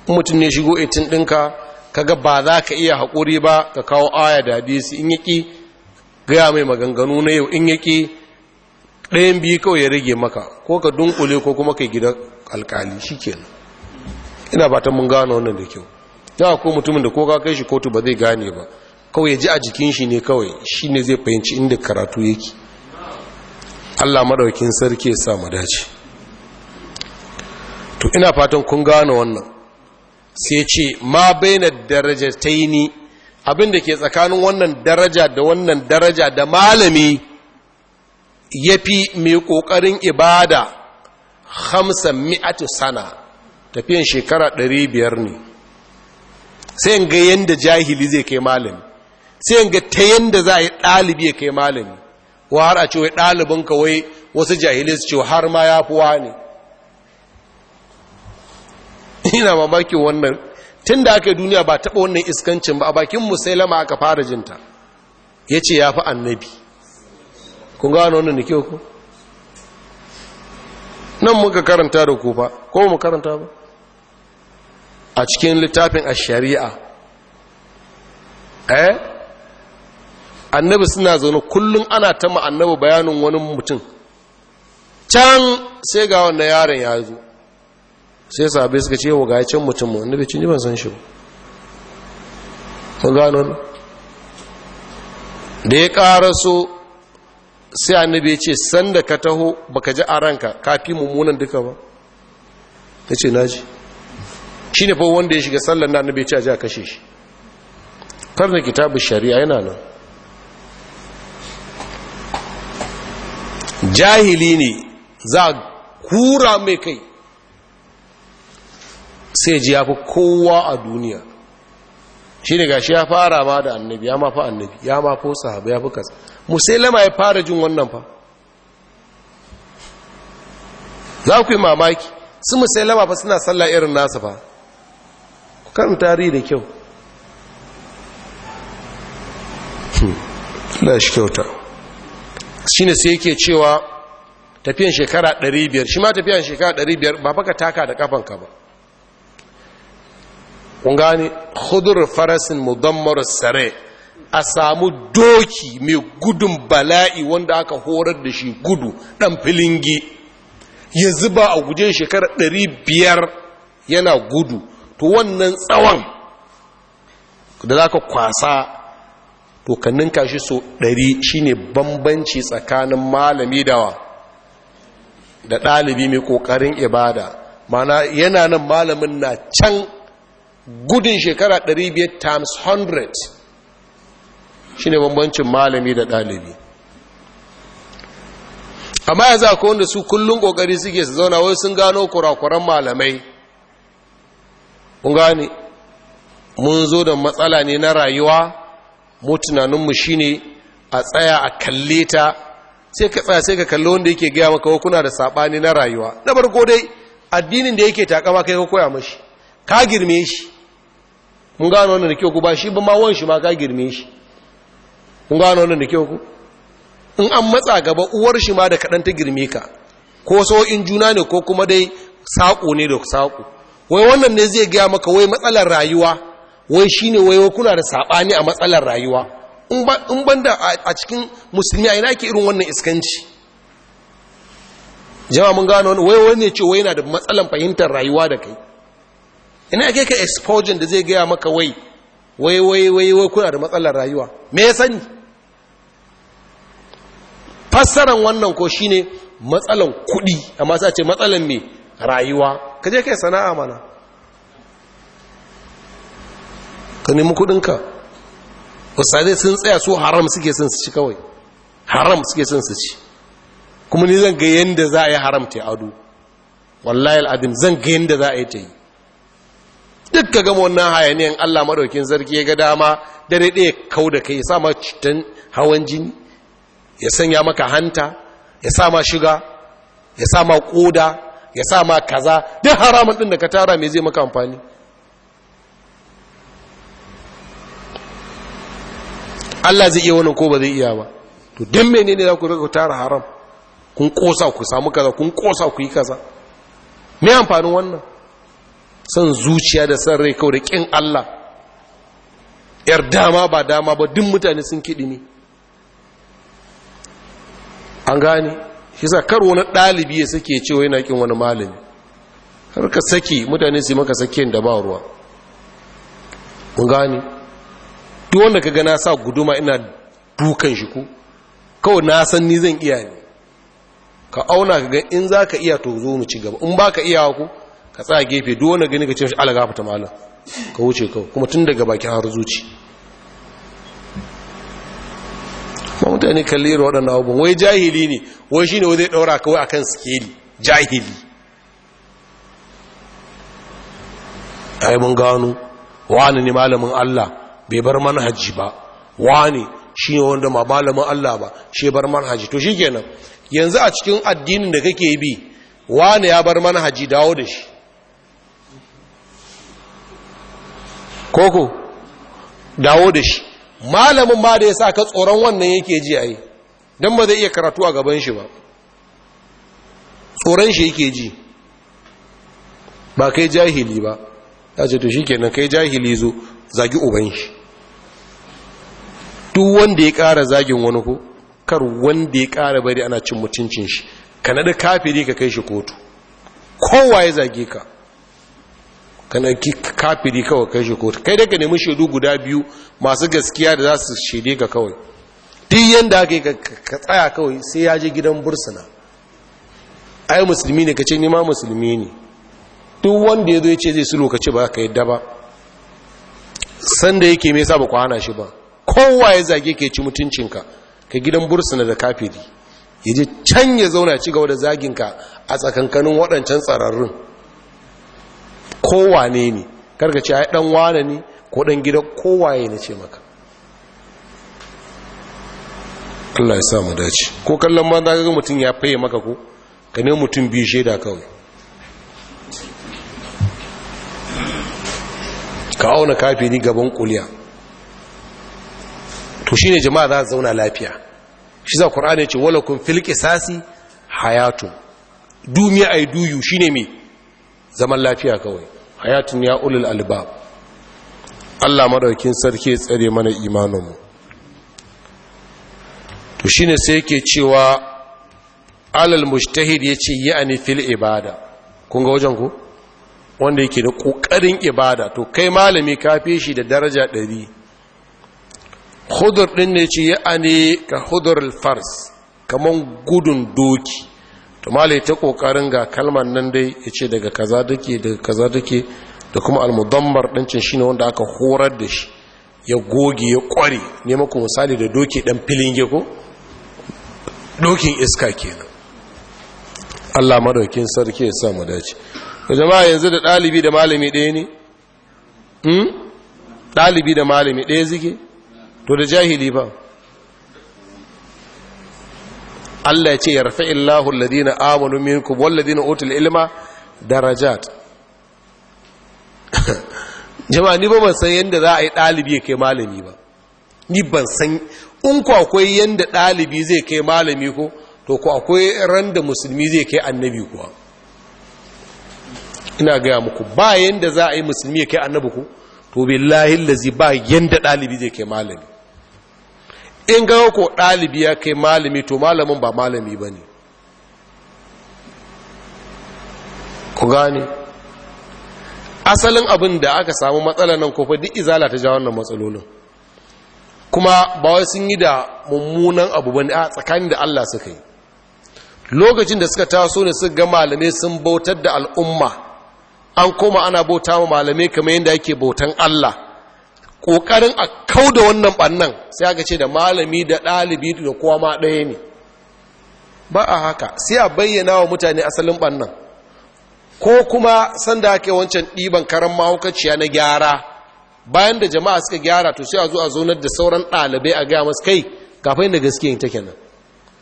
mutum ne shigo itin ɗinka kaga ba za ka iya haƙuri ba ka kawo aya da hadisi in yaƙi gaya mai maganganu na yau in yaƙi ɗayan biyu kawai ya rage maka ko ka dunkule ko kuma kai gidan alƙali shi kenan ina ba ta mun gano wannan da kyau da ko mutumin da ko ka kai shi kotu ba zai gane ba kawai ya ji a jikin shi ne kawai shi ne zai fahimci inda karatu yake allah maɗaukin sarki ya sa mu dace to ina fatan kun gane wannan sai ce ma baina yi abin da ke tsakanin wannan daraja da wannan daraja da malami ya fi mai kokarin ibada hamsin mi'atu sana tafiyan shekara 500 ne sai ga yadda jahili zai kai malami sai ga ta yadda za a yi ɗalibi ya kai malami wa har a ce wai ɗalibinka wai wasu jahilai su ce har ma ya fi wa ne ma mamakin wannan tun da aka yi duniya ba taɓa wannan iskancin ba a bakin musailama aka fara jinta ya ce ya fi annabi kun gano wannan da ku nan muka karanta da kufa ko mu karanta ba a cikin littafin a shari'a eh annabi suna zaune kullum ana ta annabi bayanin wani mutum can sai ga wannan yaron ya zo sai sahabai suka ce wa gaya can mutum mu annabi ce ni ban san shi ba kun gano da ya ƙara so sai annabi ya ce sanda ka taho baka ji a ranka ka fi mummunan duka ba ta ce naji shi ne fa wanda ya shiga sallar na annabi ce a ji a kashe shi karna kitabu shari'a yana nan jahili ne za a kura mai kai sai ji ya fi kowa a duniya shi ne gashi ya fara ma da annabi ya mafi annabi ya mafi sahaba ya fi kasa musulama ya fara jin wannan fa za ku yi mamaki su musulama fa suna sallah irin nasa fa ku karin tarihi da kyau hmm. Allah shi kyauta shi ne sai yake cewa tafiyan shekara 500 shi ma tafiyan shekara 500 ba baka taka da kafanka ba kun gani hudur farasin mudammar sare a samu doki mai gudun bala'i wanda aka horar da shi gudu ɗan filingi ya zuba a guje shekarar ɗari biyar yana gudu to wannan tsawon da za ka kwasa to ka ninka shi so ɗari shine bambanci tsakanin malami dawa da ɗalibi mai ƙoƙarin ibada mana yana nan malamin na can gudun shekara 500 times 100 shine bambancin malami da ɗalibi amma yanzu akwai wanda su kullum kokari suke su zauna wai sun gano kurakuran malamai kun gane mun zo da matsala ne na rayuwa mu tunaninmu shine a tsaya a kalle sai ka tsaya sai ka kalli wanda yake gaya maka kuna da sabani na rayuwa na farko dai addinin da yake takama kai ka koya mashi ka girme shi mun gano wannan da kyau ku ba shi ba ma wan shi ma ka girme shi mun gano wannan da kyau ku in an matsa gaba uwar shi ma da kaɗan ta girme ka ko in juna ne ko kuma dai saƙo ne da saƙo wai wannan ne zai gaya maka wai matsalar rayuwa wai shi ne wai kuna da saɓani a matsalar rayuwa in ban da a cikin musulmi a ina ke irin wannan iskanci jama'a mun gano wani wai wani ce wai yana da matsalan fahimtar rayuwa da kai ina ake ka exposure da zai gaya maka wai wai wai wai wai kuna da matsalar rayuwa me ya sani fassaran wannan ko shine matsalan kuɗi amma sai ce matsalan me rayuwa ka je kai sana'a mana ka nemi kuɗinka ustadai sun tsaya su haram suke son su ci kawai haram suke son su ci kuma ni zan ga yadda za a yi haram ta ado wallahi al'adim zan ga yadda za a yi ta yi duk gama wannan hayaniyan Allah madaukin sarki ya ga dama dare ɗaya kau da kai ya sa ma cutan hawan jini ya sanya maka hanta ya sa ma shiga ya sa ma koda ya sa ma kaza duk haramun ɗin da ka tara me zai maka amfani Allah zai iya wannan ko ba zai iya ba to ne ne za ku riga tara haram kun kosa ku samu kaza kun kosa ku yi kaza me amfanin wannan son zuciya da son rai kawai da ƙin Allah yar dama ba dama ba duk mutane sun kiɗi ne an gane shi sa kar wani ɗalibi ya sake cewa yana ƙin wani malami har ka saki mutane su maka sakiyan da ba ruwa mun gane duk wanda ka gana sa guduma ina dukan shi ku kawai na san ni zan iya ne ka auna ka ga in za ka iya to zo mu ci gaba in ba ka iya ku ka tsaya gefe duk wani gani ka ce shi ala gafata malam ka wuce kawai kuma tun daga bakin har zuci ma mutane kalli da waɗannan abubuwan wai jahili ne wai shi ne wai zai ɗaura kawai a kan sikeli jahili ai mun gano wani ne malamin Allah bai bar manhaji ba wani shi ne wanda ma malamin Allah ba shi bar manhaji to shi kenan yanzu a cikin addinin da kake bi wani ya bar manhaji dawo da shi koko dawo da shi malamin ma da ya sa ka tsoron wannan yake ji a yi don ba zai iya karatu a gaban shi ba tsoron shi yake ji ba kai jahili ba ya ce to shi kenan kai jahili zo zagi uban shi duk wanda ya kara zagin wani ko kar wanda ya ƙara bari ana cin mutuncin shi ka naɗa kafiri ka kai shi kotu kowa ya zage ka kana kafiri kawai kai shi kotu kai daga nemi shaidu guda biyu masu gaskiya da za su shaide ka kawai duk yadda aka yi ka tsaya kawai sai ya je gidan bursuna ai musulmi ne ka ce nima musulmi ne duk wanda ya zo ya ce zai su lokaci ba ka yadda ba sanda yake mai sa ba ku hana shi ba kowa ya zage ke ci mutuncinka ka gidan bursuna da kafiri ya can ya zauna ci gaba da zaginka a tsakankanin waɗancan tsararrun kowane ne karka ce ai dan wane ne ko dan gida kowaye na ce maka Allah ya sa mu dace ko kallon ma daga mutum ya faye maka ko ka ne mutum biyu shaida kawai ka auna kafiri gaban kuliya to shine jama'a za su zauna lafiya shi za Qur'ani ya ce wala kun fil qisasi hayatun Duniya ai duyu shine me zaman lafiya kawai ayatun ya ulul albab Allah madaukin sarki tsare mana imaninmu to shine sai yake cewa alal mujtahid yace ya'ni fil ibada kun ga wajen ku wanda yake da kokarin ibada to kai malami ka fi shi da daraja 100 hudur din ne ce ya'ani ka hudurul fars kaman gudun doki to ta kokarin ga kalmar nan dai ya ce daga kaza duke daga kaza duke da kuma almudammar ɗancin shi ne wanda aka horar da shi ya goge ya ƙware ne maku misali da doke ɗan filin geko dokin iska kenan allah madaukin sarki ya sa mu dace da jama'a yanzu da ɗalibi da malami ɗaya ne hmm? ɗalibi da malami ɗaya zike to da jahili ba Allah ya ce yarfa'illahu alladhina amanu minkum walladhina utul ilma darajat jama'a ni ba ban san yadda za a yi ɗalibi ya kai malami ba ni ban san in ku akwai yadda ɗalibi zai kai malami ko to ku akwai ran da musulmi zai kai annabi kuwa ina gaya muku ba yadda za a yi musulmi ya kai annabi ku to billahi lazi ba yadda ɗalibi zai kai malami in ga ko ɗalibi ya kai malami to malamin ba malami ba ne ku gane asalin abin da aka samu matsala nan kofa duk izala ta ja wannan matsalolin kuma ba wai sun yi da mummunan abu ba a tsakanin da allah suka yi lokacin da suka taso ne suka ga malamai sun bautar da al'umma an koma ana bauta wa malamai kamar yadda ake bautan allah ƙoƙarin a kau da wannan ɓannan sai aka ce da malami da ɗalibi da kowa ma ɗaya ne ba a haka sai a bayyana wa mutane asalin ɓannan ko kuma sanda ake wancan ɗiban karan mahaukaciya na gyara bayan da jama'a suka gyara to sai a zo a zaunar da sauran ɗalibai a gaya masu kai kafin da gaske yin ta kenan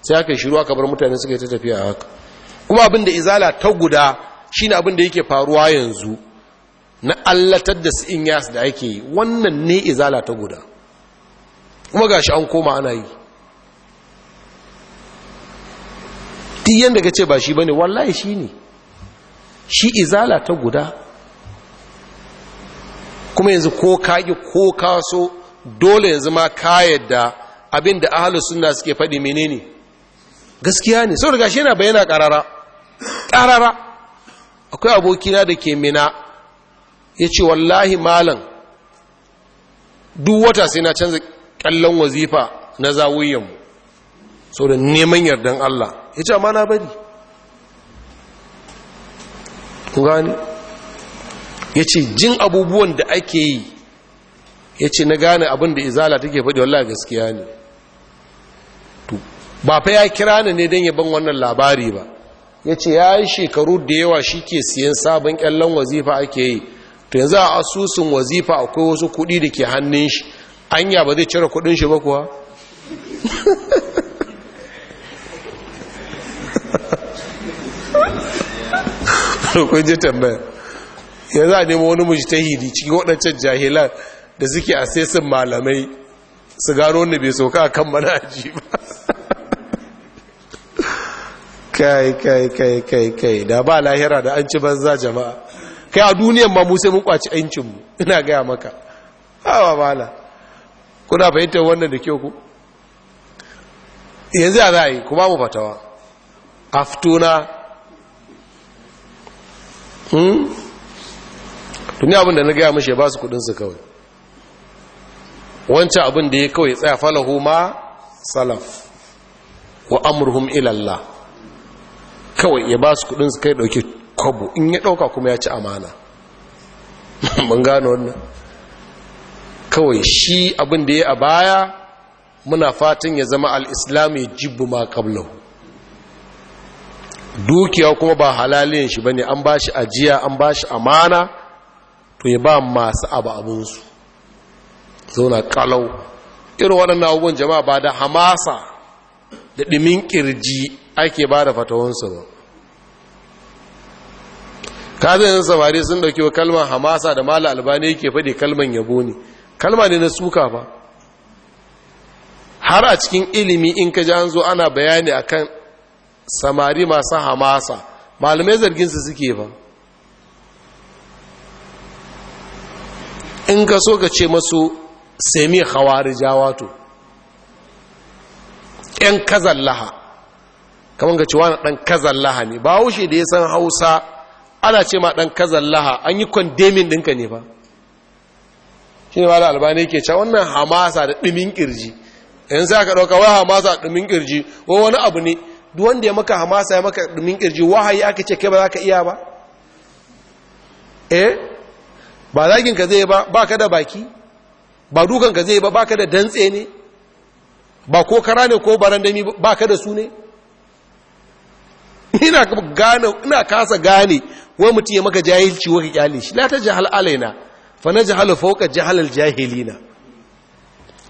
sai aka shiru aka bar mutane suka yi ta tafiya haka kuma abin da izala ta guda shine abin da yake faruwa yanzu na allatar da su in yas da ake yi wannan ne izala ta guda kuma gashi an koma ana yi Tiyan yadda ka ce ba shi bane wallahi shi ne shi izala ta guda kuma yanzu ko kaƙi ko kaso dole yanzu ma kayar da abin da ahalus sunna suke faɗi menene gaskiya ne saboda gashi yana bayyana ƙarara ƙarara akwai abokina da ke mina ya ce wallahi malam duk wata sai na canza kyallon wazifa na zawuyanmu sau da neman yardan Allah ya ce amma bari gani ya ce jin abubuwan da ake yi ya ce na gane abin da izala take faɗi wallahi gaskiya ne ba fa ya kira ni ne don yaban wannan labari ba ya ce ya yi shekaru da yawa shi ke siyan sabon kyallon wazifa ake yi to yanzu a asusun wazifa akwai wasu kuɗi da ke hannun shi anya ba zai cire kuɗin shi ba kuwa kun ji tambaya ya za a nemo wani hidi cikin waɗancan jahilan da suke a sesin malamai su gano wanda bai sauka a kan manaji ba kai kai kai kai kai da ba lahira da an ci banza jama'a kai a duniyan ma musai mun kwaci aincin ina gaya maka hawa mala kuna fahimtar wannan da kyau ku yanzu a za a yi kuma mu fatawa aftuna hmm tuni abinda na gaya mashi ya ba su kudinsu kawai wancan abin da ya kawai tsaya falahu ma salaf wa amurhum ilallah kawai ya ba su kudinsu kai dauki kwabo in ya ɗauka kuma ya ci amana mun gano wannan kawai shi abin da ya a baya muna fatan ya zama al'islam ya jibu ma kablau dukiya kuma ba halaliyan shi ba ne an ba shi ajiya an ba shi amana to ya ba masu abu abinsu zauna kalau irin waɗannan abubuwan jama'a ba da hamasa da ɗimin ƙirji ake ba da fatawansu ba Kazan yan samari sun dauki kalmar hamasa da mala albani yake faɗi kalman yabo ne kalma ne na suka ba har a cikin ilimi in ka ji an zo ana bayani akan samari masu hamasa malamai zarginsu su suke ba in ka so ka ce masu semi hawarijawa to yan kazallaha kamar ga cewa na dan kazallaha ne ba haushe da ya san hausa ana ce ma ɗan kazallaha an yi kwandemin ɗinka ne ba shi ne da albani ke cewa wannan hamasa da ɗumin ƙirji yanzu za ka ɗauka wa hamasa ɗumin ƙirji ko wani abu ne duk ya maka hamasa ya maka ɗumin ƙirji wahayi aka ce kai ba za ka iya ba eh ba zagin ka zai ba ba ka da baki ba dukan ka zai ba ba ka da dantse ne ba ko kara ne ko barandami ba ka da su ne ina gane ina kasa gane wai mutum ya maka jahilci wa kyale shi la jahal alaina fa najhalu fawqa al jahilina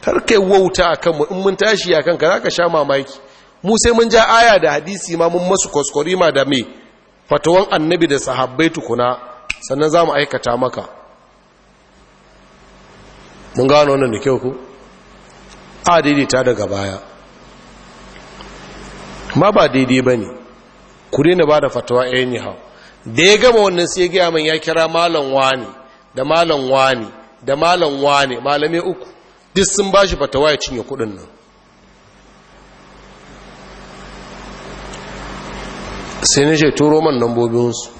kar kai wauta akan mu in mun tashi akan ka zaka sha mamaki mu sai mun ja aya da hadisi ma mun masu kuskure ma da me fatawan annabi da sahabbai tukuna sannan za mu aikata maka mun gano wannan da kyau ku a daidaita daga baya ma ba daidai bane ku daina ba da fatawa anyhow da ya gama wannan sai gaya min ya kira malam wani da malam wani da malam wani malamai uku duk sun ba shi fatawa ya cinye kuɗin nan sai na shai turo man lambobinsu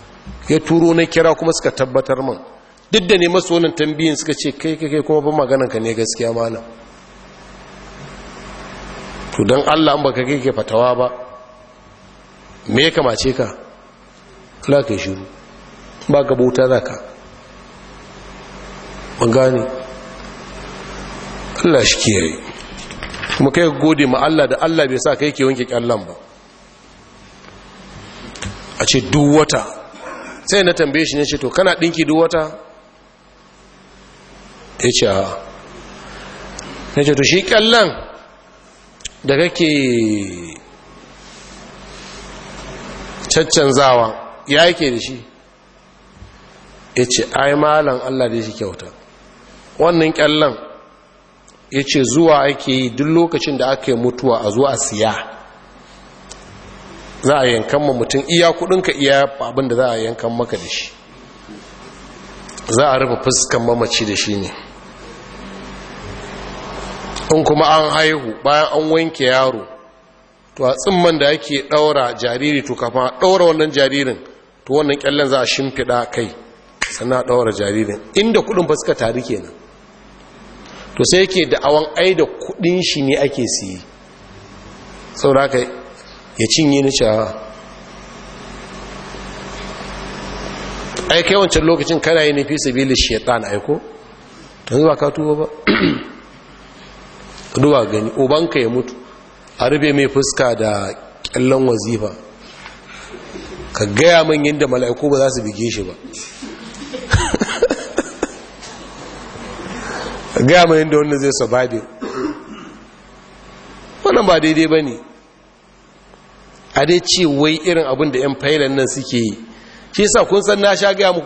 ya turo na kira kuma suka tabbatar man duk da ne masu wannan tambiyin suka ce kai kai kai kuma ban maganarka ne gaskiya malam to don allah an baka kai ke fatawa ba me ya kamace ka Allah ka shiru ba ka bauta za ka ban gane Allah shi kere kuma kai gode ma Allah da Allah bai sa kai ke wanke kyallan ba a ce duk wata sai na tambaye shi ne ce to kana dinki duk wata ya ce a na ce to shi kyallan da kake caccanzawa ya yake da shi ya ce ai malan Allah da shi kyauta wannan kyallon ya ce zuwa ake yi duk lokacin da aka yi mutuwa a zuwa siya za a yankan ma mutum iya kudinka iya abin da za a yankan maka da shi za a rufe fuskan mamaci da shi ne in kuma an haihu bayan an wanke yaro to a tsimman da yake ɗaura jariri to kafa a ɗaura wannan jaririn to wannan kyallen za a shimfiɗa kai sannan a ɗaura jaririn inda kuɗin ba suka tari kenan to sai yake da awon ai da kuɗin shi ne ake siye saboda haka ya cinye ni cewa ai kai wancan lokacin kana yi nufi sabili shaitan aiko ta zuwa ka tuba ba duba gani ubanka ya mutu a rufe mai fuska da kyallon wazifa ka gaya min yadda mala'iku ba za su bige shi ba ka gaya min yadda wannan zai sababi wannan ba daidai ba ne a dai ce wai irin abin da 'yan failan nan suke yi shi sa kun san na sha gaya mu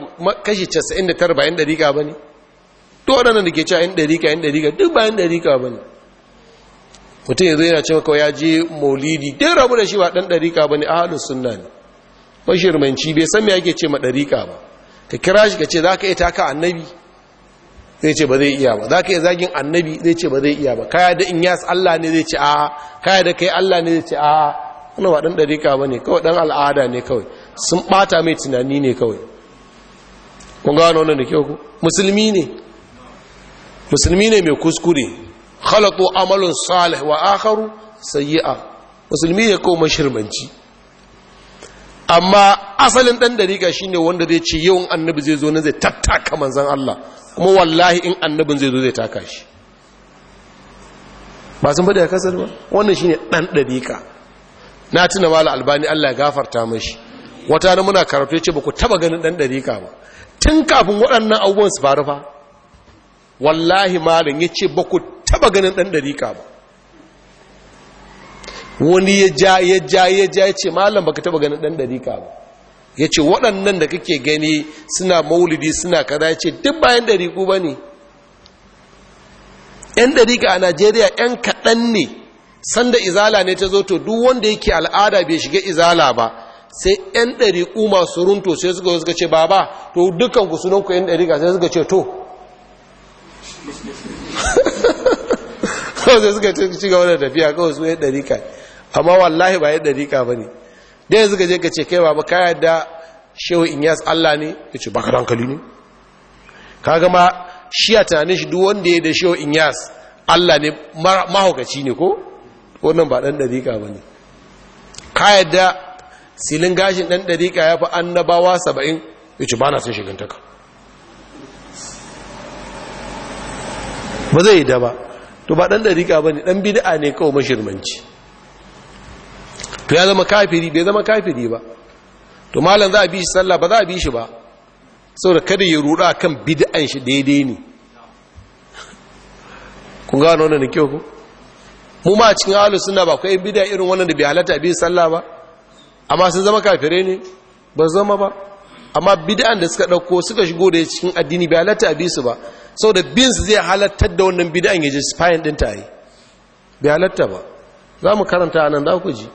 kashi 99 ba 'yan dariƙa ba ne to waɗannan da ke cewa 'yan dariƙa 'yan dariƙa duk ba 'yan dariƙa ba ne mutum yanzu yana cewa kawai ya je maulidi ɗin rabu da shi ba ɗan ɗariƙa ba ne ahalin sunna ne mashirmanci bai san me ke ce ma ɗariƙa ba ka kira shi ka ce za ka yi taka annabi zai ce ba zai iya ba za ka yi zagin annabi zai ce ba zai iya ba kaya da in yas Allah ne zai ce a kaya da kai Allah ne zai ce a wani ba ɗan ɗariƙa ba ne kawai ɗan al'ada ne kawai sun ɓata mai tunani ne kawai kun gano wannan da kyau ku musulmi ne musulmi ne mai kuskure khalatu amalun salih wa sayyi'a musulmi ya koma shirmanci amma asalin dan dariga shine wanda zai ce yawan annabi zai zo ne zai tattaka manzon Allah kuma wallahi in annabin zai zo zai taka shi ba sun faɗi a kasar ba wannan shine dan dariga na tuna mala albani Allah ya gafarta mashi wata na muna karatu yace ce ba ku taba ganin dan dariga ba tun kafin waɗannan abubuwan su faru fa wallahi malam ya ce ba ku taba ganin ɗan ɗarika ba wani ya ja ya ja ya ja ya ce malam ba ka taba ganin ɗan ɗarika ba ya ce waɗannan da kake gani suna maulidi suna kaza ya ce duk bayan ɗariku ba ne ‘yan ɗarika a najeriya ‘yan kaɗan ne sanda izala ne ta zo to duk wanda yake al'ada bai shiga izala ba sai 'yan ɗariƙu masu runto sai suka suka ce baba to dukan sunanku 'yan ɗariƙa sai suka ce to kawai sai suka ci gaba da tafiya kawai su yadda rika amma wallahi ba yadda rika ba ne da yanzu ka je ka ce kai ba ka yadda shehu inyas allah ne ya ce baka hankali ne ka gama shi a tunanin shi duk wanda ya da shehu inyas allah ne mahaukaci ne ko wannan ba dan dariƙa ba ne ka yadda silin gashin dan dariƙa ya fi annabawa saba'in ya ce ba na sun shigantaka ba zai da ba to ba dan dariƙa bane dan bid'a ne kawai mashirmanci to ya zama kafiri bai zama kafiri ba to malam za a bi shi sallah ba za a bi shi ba saboda kada ya ruda kan bid'an shi daidai ne kun gano wannan da kyau ko mu ma cikin ahlus sunna ba kai bid'a irin wannan da bai halatta bi sallah ba amma sun zama kafirai ne ba zama ba amma bid'an da suka dauko suka shigo da cikin addini bai halatta bi su ba sau da binsu zai halattar da wannan bidan ya justifying din ta yi bai halatta ba za mu karanta nan za ku ji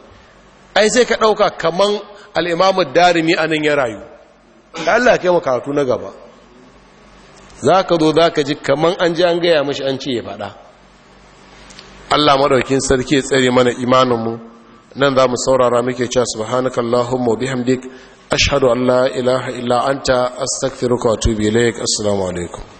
ai sai ka ɗauka kaman al'imamu darimi a nan ya rayu da Allah ke mu karatu na gaba za ka zo za ka ji kaman an ji an gaya mashi an ce ya faɗa Allah maɗaukin sarki ya tsare mana imaninmu nan za mu saurara muke cewa subhanakallahumma bihamdik ashhadu an la ilaha illa anta astaghfiruka wa atubu ilaik assalamu alaikum